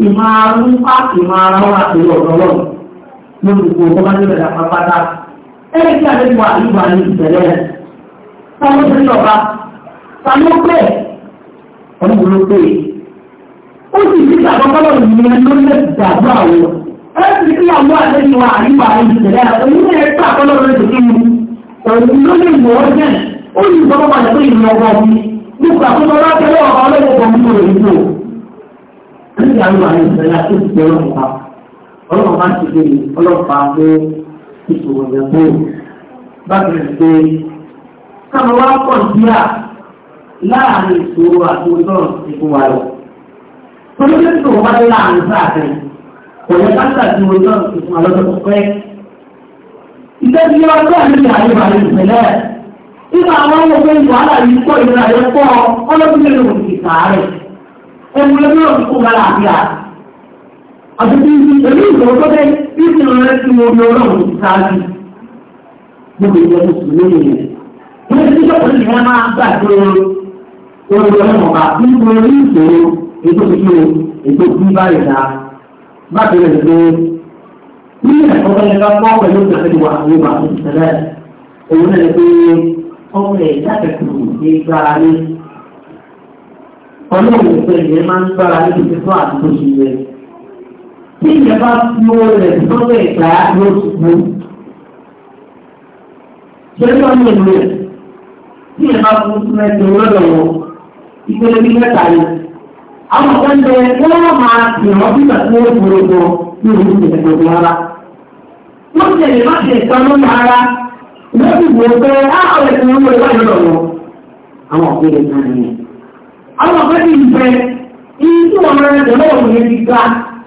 إمارة إمارة وعلى الله يمكن كما نبدأ فقط أي كان الوعيد عن السلام فهو في اللغة فهو كيف فهو كيف ó sì ti ṣàkọ́kọ́lọ̀ ìyẹn ló lè dàgbà àwọn ẹ̀sì kí àwọn àlejò àríwá ìṣẹ̀lẹ̀ àtọ́yìn ẹ̀ẹ́sì àkọ́lọ̀ rẹ̀ tó kí ni òun ló lè mọ̀ ọ́ jẹ́ ó ní ìjọba padà pé ọgbọ́n mi nípa tó lọ láti ẹlẹ́wọ̀n ọlọ́gbọ̀n mi lórí ìlú láàrin ìṣòro àti ọlọ́run ti wa lọ. Torí pé ìṣòro wá dé láàrin sáà kò yẹ ká sàtì ọlọ́run ti fún wa lọ́dọ̀ tó pẹ́. Ìtẹ́jú yọ Nígbà àwọn ọmọ ìwà àlàyé pọ̀ ìlera rẹ̀ pọ̀ ọlọ́dún mélòó kò sì sàárẹ̀. Ẹ̀mú ló mọ̀ kó bá làbíà. Àtúntò ìdí èmi ìgbà tó dé bí ìṣòro rẹ̀ ti mọ omi ọlọ́run ti sáájú. Gbogbo ìjọ tó sùn lóye rẹ̀. Ilé ìṣẹ́ òṣèlú yẹn máa gbà pé orí ọlọ́run ọba bí mo rí ìṣòro ètò ìṣòro ètò bí báyìí dá. Bákan náà ṣe ní ẹ̀kọ́ bẹ́ẹ̀ bá pọ̀ pẹ̀lú ìgbàlejò àwọn ìgbà òṣìṣẹ́ rẹ̀. Òun náà ọmọ ẹ̀ lábẹ̀kù ní gbára ní ọlọ́run pé ìyẹn máa ń gbára ní ti fún àdúgbò sí rẹ̀. tí ìyẹn bá fi owó rẹ̀ sọ́wọ́ ìgbà yóò ṣubú. ṣé ní ọmọ ìlú rẹ̀ tí ìyẹn bá fún mẹ́tò lọ́dọ̀ wọn ìpele bí mẹ́ta yìí. àwọn kan bẹ wọ́n máa tì wọ́n bí bàtí wọ́n fòrò gan ní òun ìgbẹ̀gbẹ̀ rárá lọ́sì wò pé àwọn ẹ̀sìn wọn wọlé wáyé lọ́wọ́ àwọn ọ̀gbìn ẹ̀sìn náà nìyẹn. àwọn ọ̀gbìn ti bẹ iye tí wọn rẹ lọ́wọ́ òun yẹn ti ga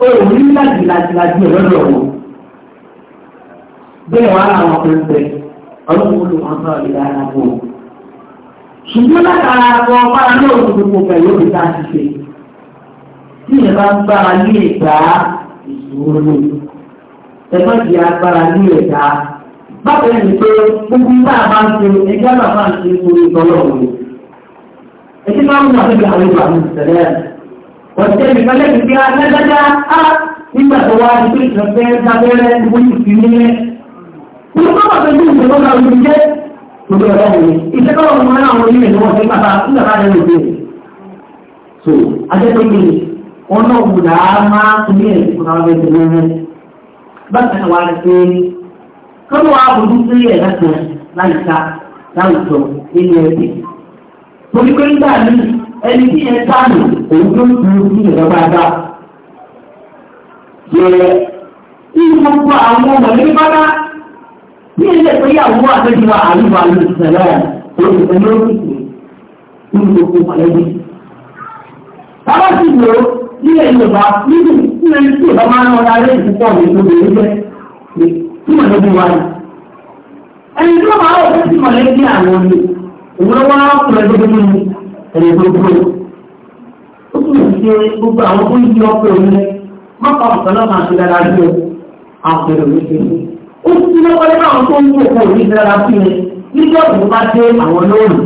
òun ní láti láti láti ẹ̀rọ lọ́wọ́. bẹ́ẹ̀ wá àwọn ọ̀gbìn bẹ ọlọ́run ló wọn sọ ìdá àgbò. ṣùgbọ́n látara àwọn ọ̀pára náà ló gbogbo bákan ní pé gbogbo ìgbà bá ń ṣe ẹgbẹ́ náà bá ń ṣe orí ìtọ́lọ̀ òun ẹtí máa ń wà níbi àwọn ìgbà mi tẹ̀lé wọ́n ti tẹ́lẹ̀ ìfẹ́lẹ́ ti fi alágbájá á nígbà tó wá ní pé ìjọba dábẹ́rẹ́ gbogbo ìfì nílẹ̀ gbogbo bá wà pẹ̀lú ìjọba náà ló ń jẹ́ gbogbo ọ̀rọ̀ òun ìṣẹ́ tó wọn máa ń àwọn ilé ìwọ̀n sí bàbá nígbà bá rẹ̀ lòdì so adẹ́gbẹ́gbẹ́ wọn náà máa ń ní ẹ̀ kọ́nù wa bùdú sí ẹ̀dá kan láyìíká láwùjọ nínú ẹbí. torí pé nígbà míì ẹni tí ẹ sáàmì òun tó ń bu sí ìjọba bá. yẹ kí gbogbo àwọn ọmọ ní bábá bí ẹ lè pé ìyàwó àtẹ́jú wa àlùbọ̀ àlù ìṣẹ̀lẹ̀ olùsẹ̀ ló ń sè ní gbogbo mọ̀lẹ́bí. bàbá sì lò ó nílẹ̀ Yorùbá nínú ìṣẹ̀lẹ̀ tí ìbá máa ń lọ láyé ìpúpọ̀ nínú ìlú jẹ́ tí mọ̀lẹ́bí wa ni. ẹni tí wọ́n máa wọ̀ sí mọ̀lẹ́bí àwọn ni òun wá kúrẹ́ gbogbo ní ẹ̀rẹ́ gbogbo. ó tún lè ṣe gbogbo àwọn tó ń yí ọkọ̀ òun rẹ̀ mọ́kà ọ̀sán máa ṣe dára sí ọ àwọn èrò mi ṣe. ó tún lọ́kọ́ lé àwọn tó ń kó òkú òun dára sí ẹ nígbà tó bá dé àwọn lóòrùn.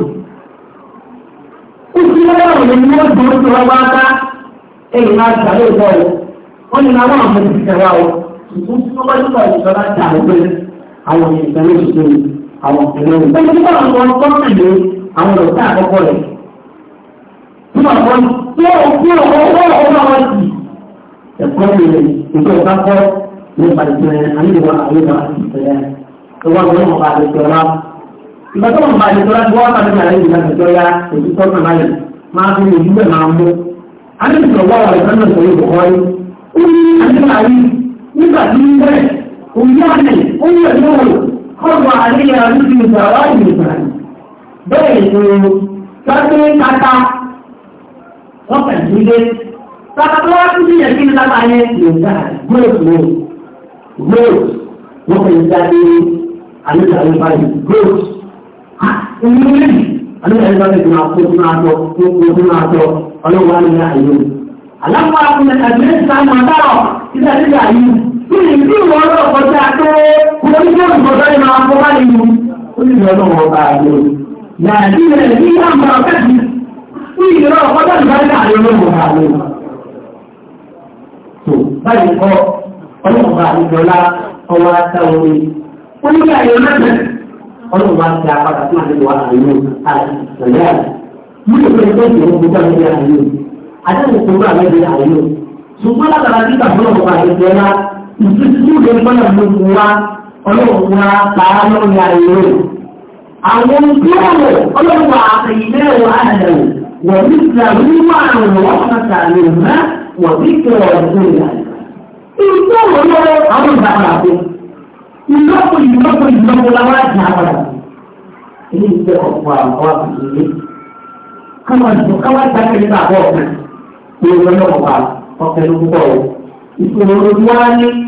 ó tún lọ́kọ́ àwọn ènìyàn ní wọ́n gbọ́ wọ́n ti wá wá ká ẹ̀yìn máa ṣàlẹ́ ìbọ̀ wọn ni làwọn ìfún tí wọ́n bá nípa ìjọba ti àgbẹ̀ àwọn ìṣẹ̀lẹ̀ òṣèlú àwọn ìṣẹ̀lẹ̀ òṣèlú. Bẹ́ẹ̀ni nípa àwọn ọmọ tó tẹ̀lé àwọn ọ̀tá àkọ́kọ́ rẹ̀. Nípa àwọn tí ó kú ọ̀pọ̀ ọ̀pọ̀ ọ̀pọ̀ wọn sì. Ẹ̀kọ́ mi rẹ̀ ìjọ ọ̀gá kọ́ nípa ìṣẹ̀lẹ̀ àníwá àríwá ìṣẹ̀lẹ̀ ìwọ́n ní ọ̀pá àdìsọ́lá. Ìgbà tó ń ba àdìsọ́lá ti wọ́n pàdé àlejò láti jọ ya òtítọ́ náà láyè máa fi lè yí bẹ́ẹ̀ máa mú. Adébìsọ̀ wọ́n wà lọ́sọ̀rọ̀ ìbùkọ́ yìí. Ó ní àdìsọ́lá yìí nígbà tí ń bẹ̀rẹ̀ òyìn àmì oúnjẹ náà kọ́gbà àríyá lórí ìgbàlá ìgbà bẹ́ẹ̀ ni tọ́jú kata wọ́n pẹ̀lú ilé tọ́jú tó wá sí ìyẹn kí ní lábá yẹn yorùbá gbóòtù gbóòtù wọ́n pẹ̀lú jáde àlejò àlejò báyìí gbóòtù ìlú yìí àlejò àlejò báyìí máa kó tó máa tọ́ tó kó tó máa tọ́ ọlọ́wọ́ àlejò àlejò. àlàfo àkùnrin àgbẹ̀ sáà máa bá ọ̀ títà títà yìí bí ìdí ìwọ náà kọjá pé mo ní kí òṣùpọ̀ sọ́ni máa kọ́ bá lè mú ó sì lọ́nà wọn bá a lò nàìjíríà rẹ̀ ní àmà ọ̀kẹ́sì bí ìdí náà kọjá ìbáríkà lè lọ́nà wọn bá a lò. tó báyìí kọ́ ọlọ́run bá ìjọlá ọwọ́ àtàwọn onígbà yẹn mẹ́tẹ̀ ọlọ́run bá ti apáta tó àti wà àyè àti ìṣẹ̀lẹ̀ àti ní ìpínlẹ̀ tó ti ń àyè àyè ìṣẹ̀lẹ̀ àyè ṣùgbọ́n látara ìtútù lè gbọ́dọ̀ gbogbo wa ọlọ́run wa pàá lọ́rùn àìyé rẹ̀. àwọn tí ó wọ̀ ọlọ́run àtẹ̀yìnlẹ̀ wà rẹ̀ wọ̀ ní ìsìlámù nínú àrùn ọ̀pọ̀ta lè má wọ̀ ní ìkẹrẹ ọ̀dọ́ ìyá. ìtú ọ̀rọ̀ lọ́wọ́ àwọn ìbára àpò ìlọ́pọ̀ ìlọ́pọ̀ ìlọ́pọ̀ làwọn àti àwọn àpò. ilé iṣẹ́ ọ̀pọ̀ àwọn àpòyìnlẹ̀ káwọn ìgbàkẹ́lẹ́ bá bọ̀ ọ̀pẹ̀ ìrọ̀lọ́pọ̀ ọ̀pẹ̀ ló ń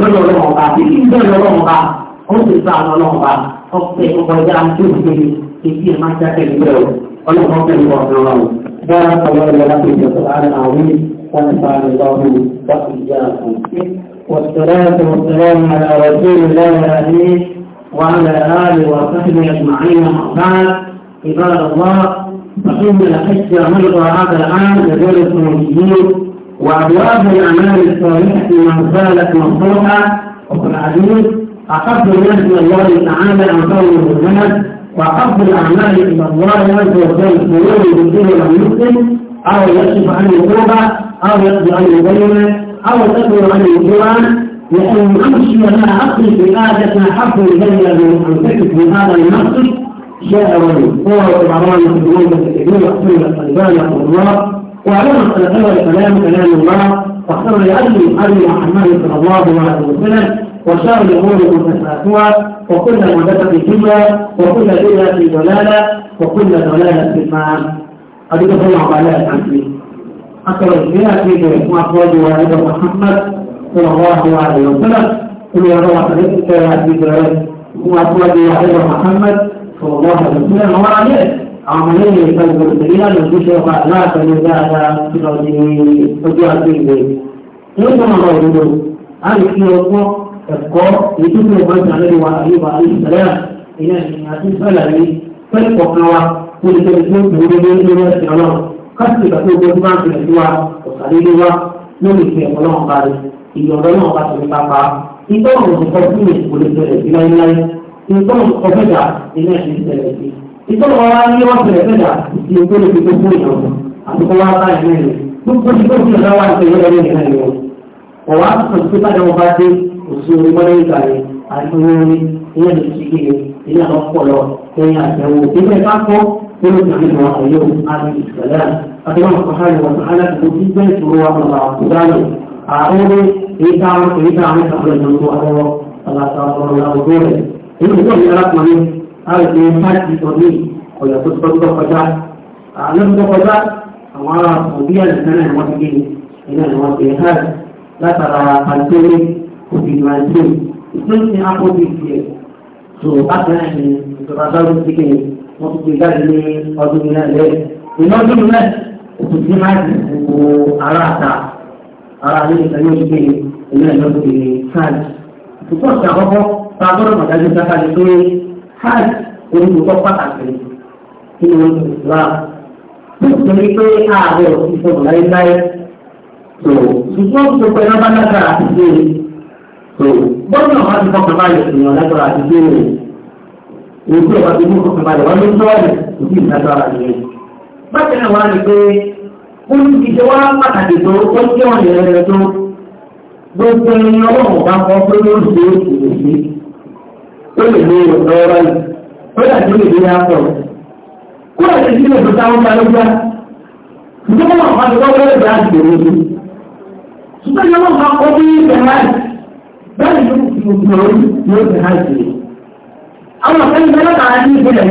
lọ́dọ̀ ọlọ́run ọba bí kí n bẹ̀rẹ̀ ọlọ́run ọba ó sì sá àwọn ọlọ́run ọba ọ̀pẹ ọ̀pọ̀já tí ó ṣe èyí ẹ̀ máa ń dákẹ́ níbẹ̀ o ọlọ́run ọ̀pẹ ìwọ̀n ọ̀rọ̀ bára ọlọ́run ọba láti ìjọba láàrin àwọn ونفعل الله وإياكم والصلاة والسلام على رسول الله الأمين وعلى آله وصحبه أجمعين وبعد عباد الله فإن الحج مرضى هذا العام لدولة المسلمين وأبواب الأعمال الصالحة ما زالت مفتوحة وفي الحديث أحب الناس إلى الله تعالى أن تولوا الناس وأحب الأعمال إلى الله عز وجل قلوب الدين والمسلم أو يكشف عن الغربة أو يقضي عن الغيمة أو تدعو عن الجيران لأن أمشي ولا في بآية حق الجنة من أنفسك من هذا المقصد شاء ولي هو العلامة في المنطقة الكبيرة الطيبة الطيبان الله وعلم ان هذا الكلام كلام الله واختار لاجل ابي محمد صلى الله عليه وسلم وشر الامور محدثاتها وكل محدثه فيها وكل في ضلاله وكل ضلاله في النار. قد يدخل بعضها الحكيم اكثر الجهات في اخراج والد محمد صلى الله عليه وسلم كل يروى حديث الكلام في هو اخراج والد محمد صلى الله عليه وسلم وعليه àmọ́lé yẹn kan kò sí ìlànà ìṣe ọba aláàtọ̀lé dáadáa tí lọ sí ojú àti ìwé. Ní ìgbàmọ̀ òdodo, a lè fi ọgbọ́ ẹ̀kọ́ ìdúró ìbọ̀jà lórí wa àyíwá ìṣẹ̀lẹ̀ ìyá ìrìn àti ìṣẹ̀lẹ̀ yìí pẹ̀lú kọ̀ọ̀kan wa kó lè tẹ̀lé tó dùn lórí lórí ẹ̀sìn ọlọ́run káàsì ìgbà tó gbogbo máa ń tẹ̀lé sí wa ọ̀sàlélé wa lórí ìfẹ́ ọlọ́run bá rẹ̀ ìyọ̀dọ̀ náà bá tẹ̀lé pápá. Ìtọ́wọ̀n òṣìṣẹ́ fún mi kò lè sí láéláé. Ìtọ́wọ̀n ọ̀fẹ́dà ìyá ìrìn tẹ̀lé sí ìtọ́wọ́ wa ní ọ̀sẹ̀ ẹ̀fẹ́dà ti ogún lè fi tó fún ìyàwó àtúkọ́ wa bá ẹ̀mí rẹ̀ gbogbo ti tó fún ìyàwó àti ìyàwó ẹ̀mí rẹ̀ lọ. ọ̀wá sọ sí bá dáwọ́ bá dé òsì orí mọ́lẹ́ ìgbà rẹ̀ àti orí ilé ìlú ti kéde ilé àwọn ọpọlọ ẹ̀yìn àtẹ̀wò ìgbẹ́ bá kọ́ nínú ìgbàlejò àyẹ̀wò àti ìṣẹ̀lẹ̀ àtẹ̀wọ̀n kọ̀ọ̀hánì wọn aláàbò ti gbẹ́ ìṣòro wa lọ́la ìdáhùn àwọn èyí táwọn èyí táwọn ìṣàkóso ìjọba àwọn aláṣà ọ̀rọ̀ làwọn gbọ́ rẹ̀ èyí tó ń yára pọ̀ ní àìsí fáìtì ọdún ọ̀yà tó tọ́jọ́ kọjá lọ́tọ́ kọjá àwọn ará òbí àìsàn ẹ̀wọ̀n ti gé e, ilé ẹ̀wọ̀n ti hàn látara pandemic covid-19 ìpínlẹ̀ akọ́bí ìfìyẹ̀ tó bákan ní ìjọba sáré ti gé e. e, wọ́n ti gbé jáde ní ọdún ilé ẹ̀lẹ́ ìlọ́dún ilé òtún sí máa di gbogbo ará àta ará ilé ìtàlẹ́ òṣìṣẹ́ ilé ẹ̀lọ́dún ilé fáìlì ìtúkọ̀ ìtàkọ́kọ́ tá a gbọ́dọ̀ mọ̀ dájú sáká ni pé hajj onídùúgbò pàtàkì nínú islam nítorí pé ààrẹ òfin sọ̀rọ̀ láéláé tó ṣùgbọ́n tó pẹ́ náà bá lágbára àti béèrè tó e. gbọ́dọ̀ wá ti fọkàn balẹ̀ èèyàn lágbára àti béèrè e. èyí tí ọba ti mú fọkàn balẹ̀ wọ́n ló ń tọ́wọ́lẹ̀ kò sí ìdájọ́ ara rẹ̀. bákan náà wá ní pé olùdíje wá pàtàkì tó ó jẹ́ ọ̀nà ẹ̀rẹ̀ tó gbogbo ẹni ọlọ́run bá kọ́ pé ó ń ṣe é ó lè lé ọ̀rọ̀ yìí ó yà sí lè lé àpọ̀ kó yà sí sílẹ̀ tó táwọn bá lọ́gbà ìjọba wọn máa tó wọ́pẹ́ ìgbà àgbèrè ni ṣùgbọ́n ìjọba wọn máa kọ́ bí ìgbà láì bẹ́ẹ̀ ni ó ti gbọ́ yóò ti há ìgbèrè àwọn ọ̀fẹ́ ìgbà rẹ̀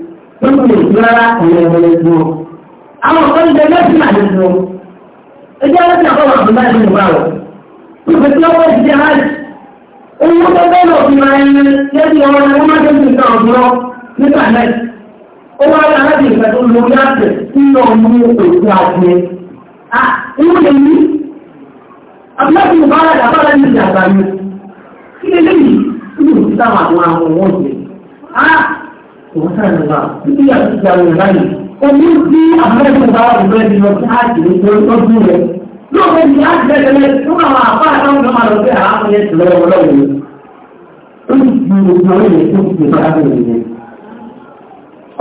nínú ìlú rárá ìyẹn Àwọn ọ̀kan ń bẹ àkọ́wọ́ tí Owó tó bẹ́ẹ̀ lọ fi máa ń ń ọ̀dọ́ aláàbì tó òkú À lè Àbúrò ìwà àbára ní ìjà Kí lè Subhanallah. Títí àti ìjà rẹ̀ báyìí. Omi tí àmọ́tò bá wà lọ́wọ́ ẹni lọ sí àjì ní ọdún rẹ̀. Lóòótọ́ ni láti bẹ̀rẹ̀ lẹ fún àwọn àpá àtàwọn ọmọ àlọ́ sí àwọn ẹni tó lọ́wọ́ lọ́wọ́ yẹn. Ó sì fi gbogbo àwọn ènìyàn tó ti gbèsè arábìnrin yẹn.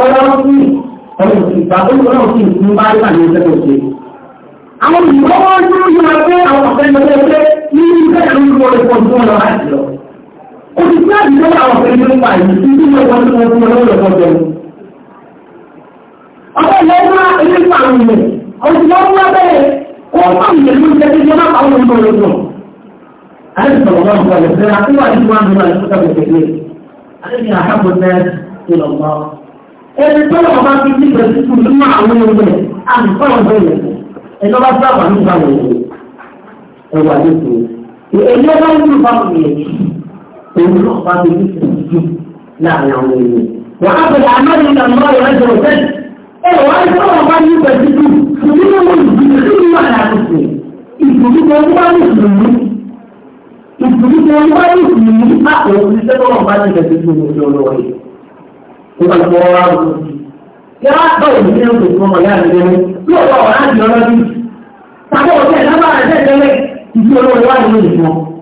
Ọlọ́run sí ọ̀rọ̀ ìgbà tó lọ́wọ́ sí ìpín bá rí àmì ìṣẹ́ tó ṣe. Àwọn ìgbọ́wọ́ tó yọ Òṣìṣẹ́ àdìgbò àwọn pẹ̀lú nípa yìí tí tí wọ́n wọ́n tí wọ́n fún ọlọ́rọ̀ ọ̀dọ̀. Ọ̀pọ̀ ìlú wá ilé ìpa àwọn ilẹ̀, òṣìṣẹ́ wọn wá bẹ́ẹ̀ kó fún àwọn ìlú jẹ́ tí wọ́n máa ń lọ lọ́dọ̀. Àdìsọ̀ wọn wọ́n wọlé fẹ́ àkúwà tí wọ́n ń lọ ìfúkà bẹ̀rẹ̀ Àdìsọ̀ àkàbọ̀ náà ti lọ mọ́. Ẹni tó lọ bá fi níbẹ̀ tuntun nínú àwọn ilẹ̀ àdìsọ̀ ọ̀dọ̀ ilẹ̀. Ẹni tó bá bá wù òun náà bá ti ní ìtìjú láàrin àwọn ènìyàn. wọ́n á bẹ̀rẹ̀ àmọ́lẹ̀ nígbà mọ́ ìwà ìjọ òfẹ́ ẹ̀rọ wá ní sọ́wọ́n bá ní ìgbà títí ìdílé wọn ìdílé tí wọ́n wà láàrúkọ ìdílé tó wá ní ìdílé ìdílé tó wá ní ìdílé nípa òun ní sẹ́wọ́n bá ní ìgbà títí ìdílé olówó yìí. wọ́n ti wọ́n wá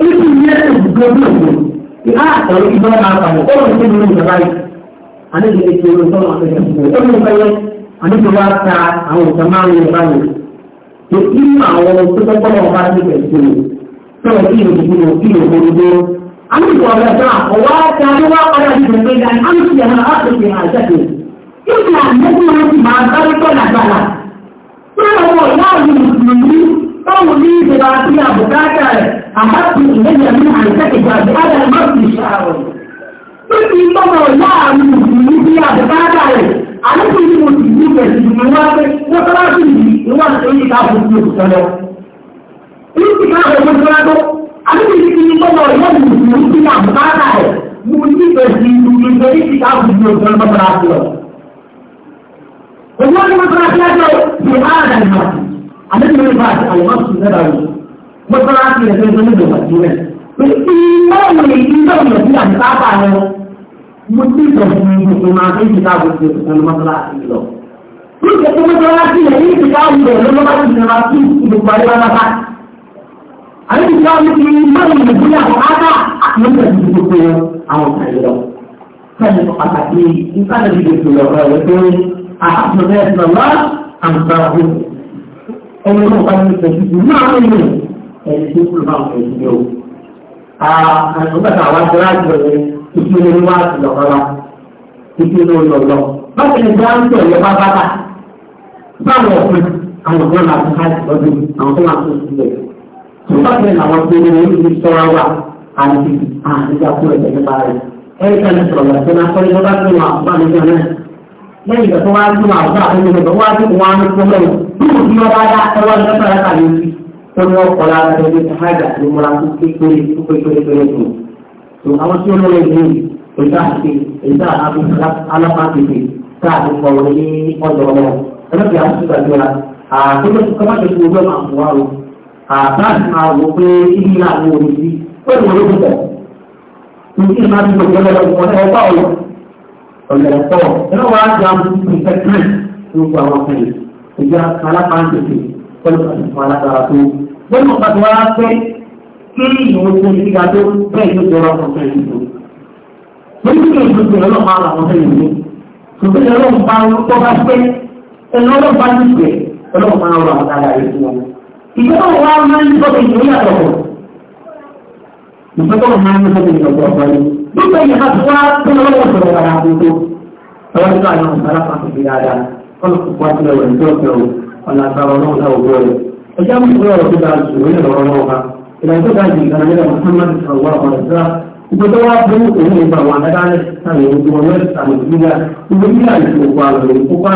ibi yẹn gbogbo ìlú ìhà àtàwọn ibi bá máa pàdé ó wọn ti ní ìjọba yìí àníbi ètò ìròyìn tó wọn àti ìjọba yìí ó ní ìfẹ́ yẹn àníbi wá ta àwọn ìjọba máa ń yẹn báyìí èyí àwọn tó tọ́ kọ́lọ́ ọba ti bẹ̀rẹ̀ sí i tó wọn kí ìròyìn kí ìròyìn kí ìròyìn dé àníbi wọn bẹ̀rẹ̀ sọ́ra ọ̀wá ta ló wá padà sí ìròyìn ìgbà ní àníbi ìyàrá àtòkè àjẹkè ìgbà àgbẹ̀kùn wọn ti máa bá lọ́kọ̀ أحب إلي من أن تكتب بهذا المرض الشعوري Bíbí tọ́mọ̀ láàrin ìdílé bí àbẹ̀báàdà rẹ̀, àlékún ní mo sì ní ìbẹ̀sì ní wá pé wọ́n tọ́lá sí ìdí ìwà ìṣẹ́yìn ìdáàbò sí òkúta lọ. Irú ti ká ọ̀rọ̀ tó rárá tó, àlékún ní kí ní tọ́mọ̀ láàrin ìdílé bí àbẹ̀báàdà rẹ̀, mo ní ìbẹ̀sì ìdílé ìṣẹ́yìn ìdáàbò sí òkúta lọ. Òwúrọ̀ ni mo mọ́sálásí rẹ̀ fẹ́ẹ́ fẹ́ẹ́ dọ̀wọ̀ sí rẹ̀. pé ìmọ̀ràn èyí náà lọ sí àtàbà rẹ̀ mo ti sọ fún mi gbogbo máa fẹ́ ti ká gbogbo ìṣẹ̀lẹ̀ mọ́sálásí lọ. bí ìṣẹ̀lẹ̀ mọ́sálásí rẹ̀ yìí ti ká wùdọ̀ lọ́lọ́bá ti nàrà sí ìdòkùn ayé wọn àwọn ìjọba mi ti ní mọ́rin nàìjíríà bàbá àtúntò ti gbogbo àwọn ọ̀sán yìí lọ. sẹ́yìn pàtàkì ìsàlẹ̀ ìdìbò lọ́wọ́ rẹ̀ pé àtúntò bẹ́ẹ̀ sọ̀rọ̀ àǹtà ọ̀hún. ẹni náà bá ní ìṣẹ̀jú náà ń lò ni? ẹni tó kúrò máa ń pè é o. àgbàgbà àwọn àti láti ọ̀rẹ́ ìfi olórí wá sí lọ́kọ́lá ìfi olórí ọ̀lọ́. bákan ní bá ń tẹ̀ ọ̀yọ́ bá bàtà báwọn ọ̀pìn àwọn ọ̀gbọ́n máa ti káàdì lọ́dún àwọn tó máa tó sílẹ̀. tó bákan ní àwọn tó ní orí ti sọ́ra wà àti àdìgbà kúrò ẹ̀jẹ̀ nípa rẹ̀. ẹ̀rí kan ní sọ̀rọ̀ lọ́sẹ̀ náà kọ́ lẹ́yìn ìgbà tó wá ń tún àwọn ọ̀gá àti ìgbà tó wá ń tún wọn á ń tún lọ́wọ́ bí kò sí ọba dá ẹwà ní ọ̀sán rẹ̀ kàlẹ́ tọ́ni ọkọ̀ lára tó ní ṣáàjà ló múra tó kékeré tó kékeré tó yẹtù. tó àwọn tí ó lọ lè ní ìdá àti ìdá àti alápàtìkì káàdì kọ̀ ní ọ̀dọ̀ ọ̀rọ̀ ẹlẹ́bí àti ìgbàgbéra àtúntò tó kọ́má tẹ̀sí owó máa fún wa o àtàkì máa wò pé kí ní àwọn òní sí ó lè wọlé púpọ̀ nítorí máa ti gbogbo ọlọ́dọ̀ ọ̀dọ̀ ọ̀pá ọ̀lọ́ ọ̀dọ̀ ọ̀pọ̀ ẹ̀rọ wa ti àwọn ìfẹ́ kírẹ̀ ló gba àwọn ọ̀pẹ̀lẹ̀ ìjà alápàtìkì pẹ̀lú àti fún alágbára tó lọ́nà pàtó wá pé kí ìyẹn oṣù ìgbà tó bẹ́ẹ̀ ló jọra ọkọ̀ fẹ́ yìí tó. Lórí kí èyí tó lọ́nà máa làwọn fẹ́ yìí tó. Ṣùgbọ́n ìyẹn lọ́nà bá ń tọ́ bá pé ẹni ọlọ́run bá ti pè ọlọ́run máa ń rọ àwọn dáadáa yìí fún wọn. Ìjọba wa máa ń tọ́ bẹ ìlú yàtọ̀. Ìjọba máa ń tọ́ bẹ ọjọ́ àwọn ọ̀rọ̀ tó bá ṣòro ní ọ̀rọ̀ náà wá ìlànà tó bá jì ìgbà nílẹ̀ sallallahu alaihi wa sallam ìgbà wá fún òun ìgbà wọn adádálẹ̀ sàmì ìgbà wọn lọ́sì sàmì ìgbà ìgbà ìgbà ìgbà ìgbà ìgbà ìgbà ìgbà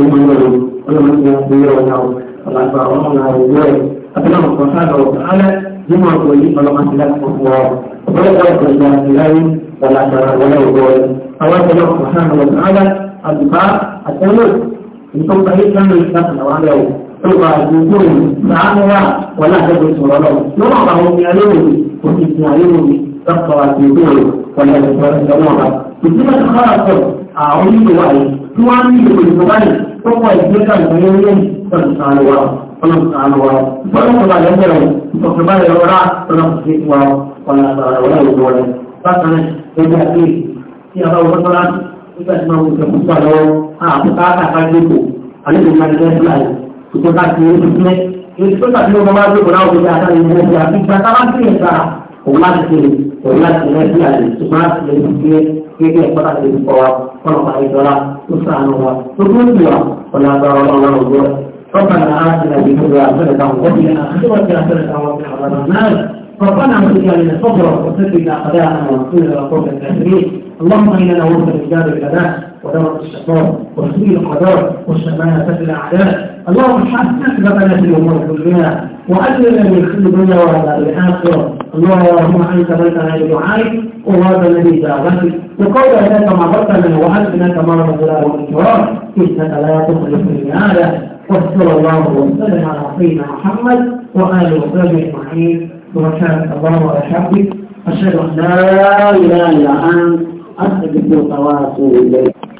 ìgbà ìgbà ìgbà ìgbà ìgbà lọ́wọ́ àdúgbò làánúwà wọlé àdúgbò sọ̀rọ̀ lọ lọ́wọ́ àwọn omi alóòrè omi ìsìn alóòrè lọ́kọ̀ àdúgbò wọlé àdúgbò lọ́wọ́ wa. ìdílé tó kọ́ra sọ àwọn onílò wa yìí tí wọ́n á ní ìlú ìlú báyìí tó pọ̀ ìdílé káàkiri ní orílẹ̀ ìfọ̀nùsàlùwà ọlọ́sàlùwà ìfọ̀nùsàlùwà lẹ́gbẹ̀rẹ̀ ìfọ̀nùsàlùwà lọ́wọ́ ọlọ́sàlùwà ọlọ́sàlùwà lọ́wọ́ bákan ẹgbẹ́ àti tí a bá wọ́n tọ́lá nígbà tí wọ́n ń sọ fún pàlọ́ àbúkà àkàkà gbogbo àlejò máa ń gẹ́gẹ́ ìjọba ti ní ìpínlẹ̀ èyí tó tàbí ọmọ máa ń gbé láwọn ọmọdé àtàlẹ ìwọ ìwà ìgbà tá a bá gbé ìta òun láti ṣe òun láti ṣe ẹbí àlè ṣùgbọ́n láti ṣe ìgbé gẹ́gẹ́ ẹ̀kọ́ láti ṣe ìkọ́ wa kọ́nà pàdé dọ́là tó sànù wa tó tó ti wà ọ̀nà agbára ọlọ́run ọgbọ́ ربنا آتنا في الدنيا حسنة وفي الآخرة حسنة وقنا عذاب النار ربنا اغفر لنا صبرا وثبت أقدامنا وانصرنا على القوم الكافرين اللهم إنا نعوذ بك من شر ودورة الشيطان القدر القضاء في الأعداء اللهم حسن بقنا في الأمور كلها وأجلنا من كل دنيا وعلى الآخرة اللهم أنت بيتنا لدعائك وهذا الذي دعوتك وقول لك مرتنا وأنتنا كما رضي والإكرام إنك لا تخلف الميعاد وصلى الله وسلم على سيدنا محمد وآل وصحبه أجمعين سبحانك اللهم وبحمدك أشهد أن لا إله إلا أنت أستغفرك وأتوب إليك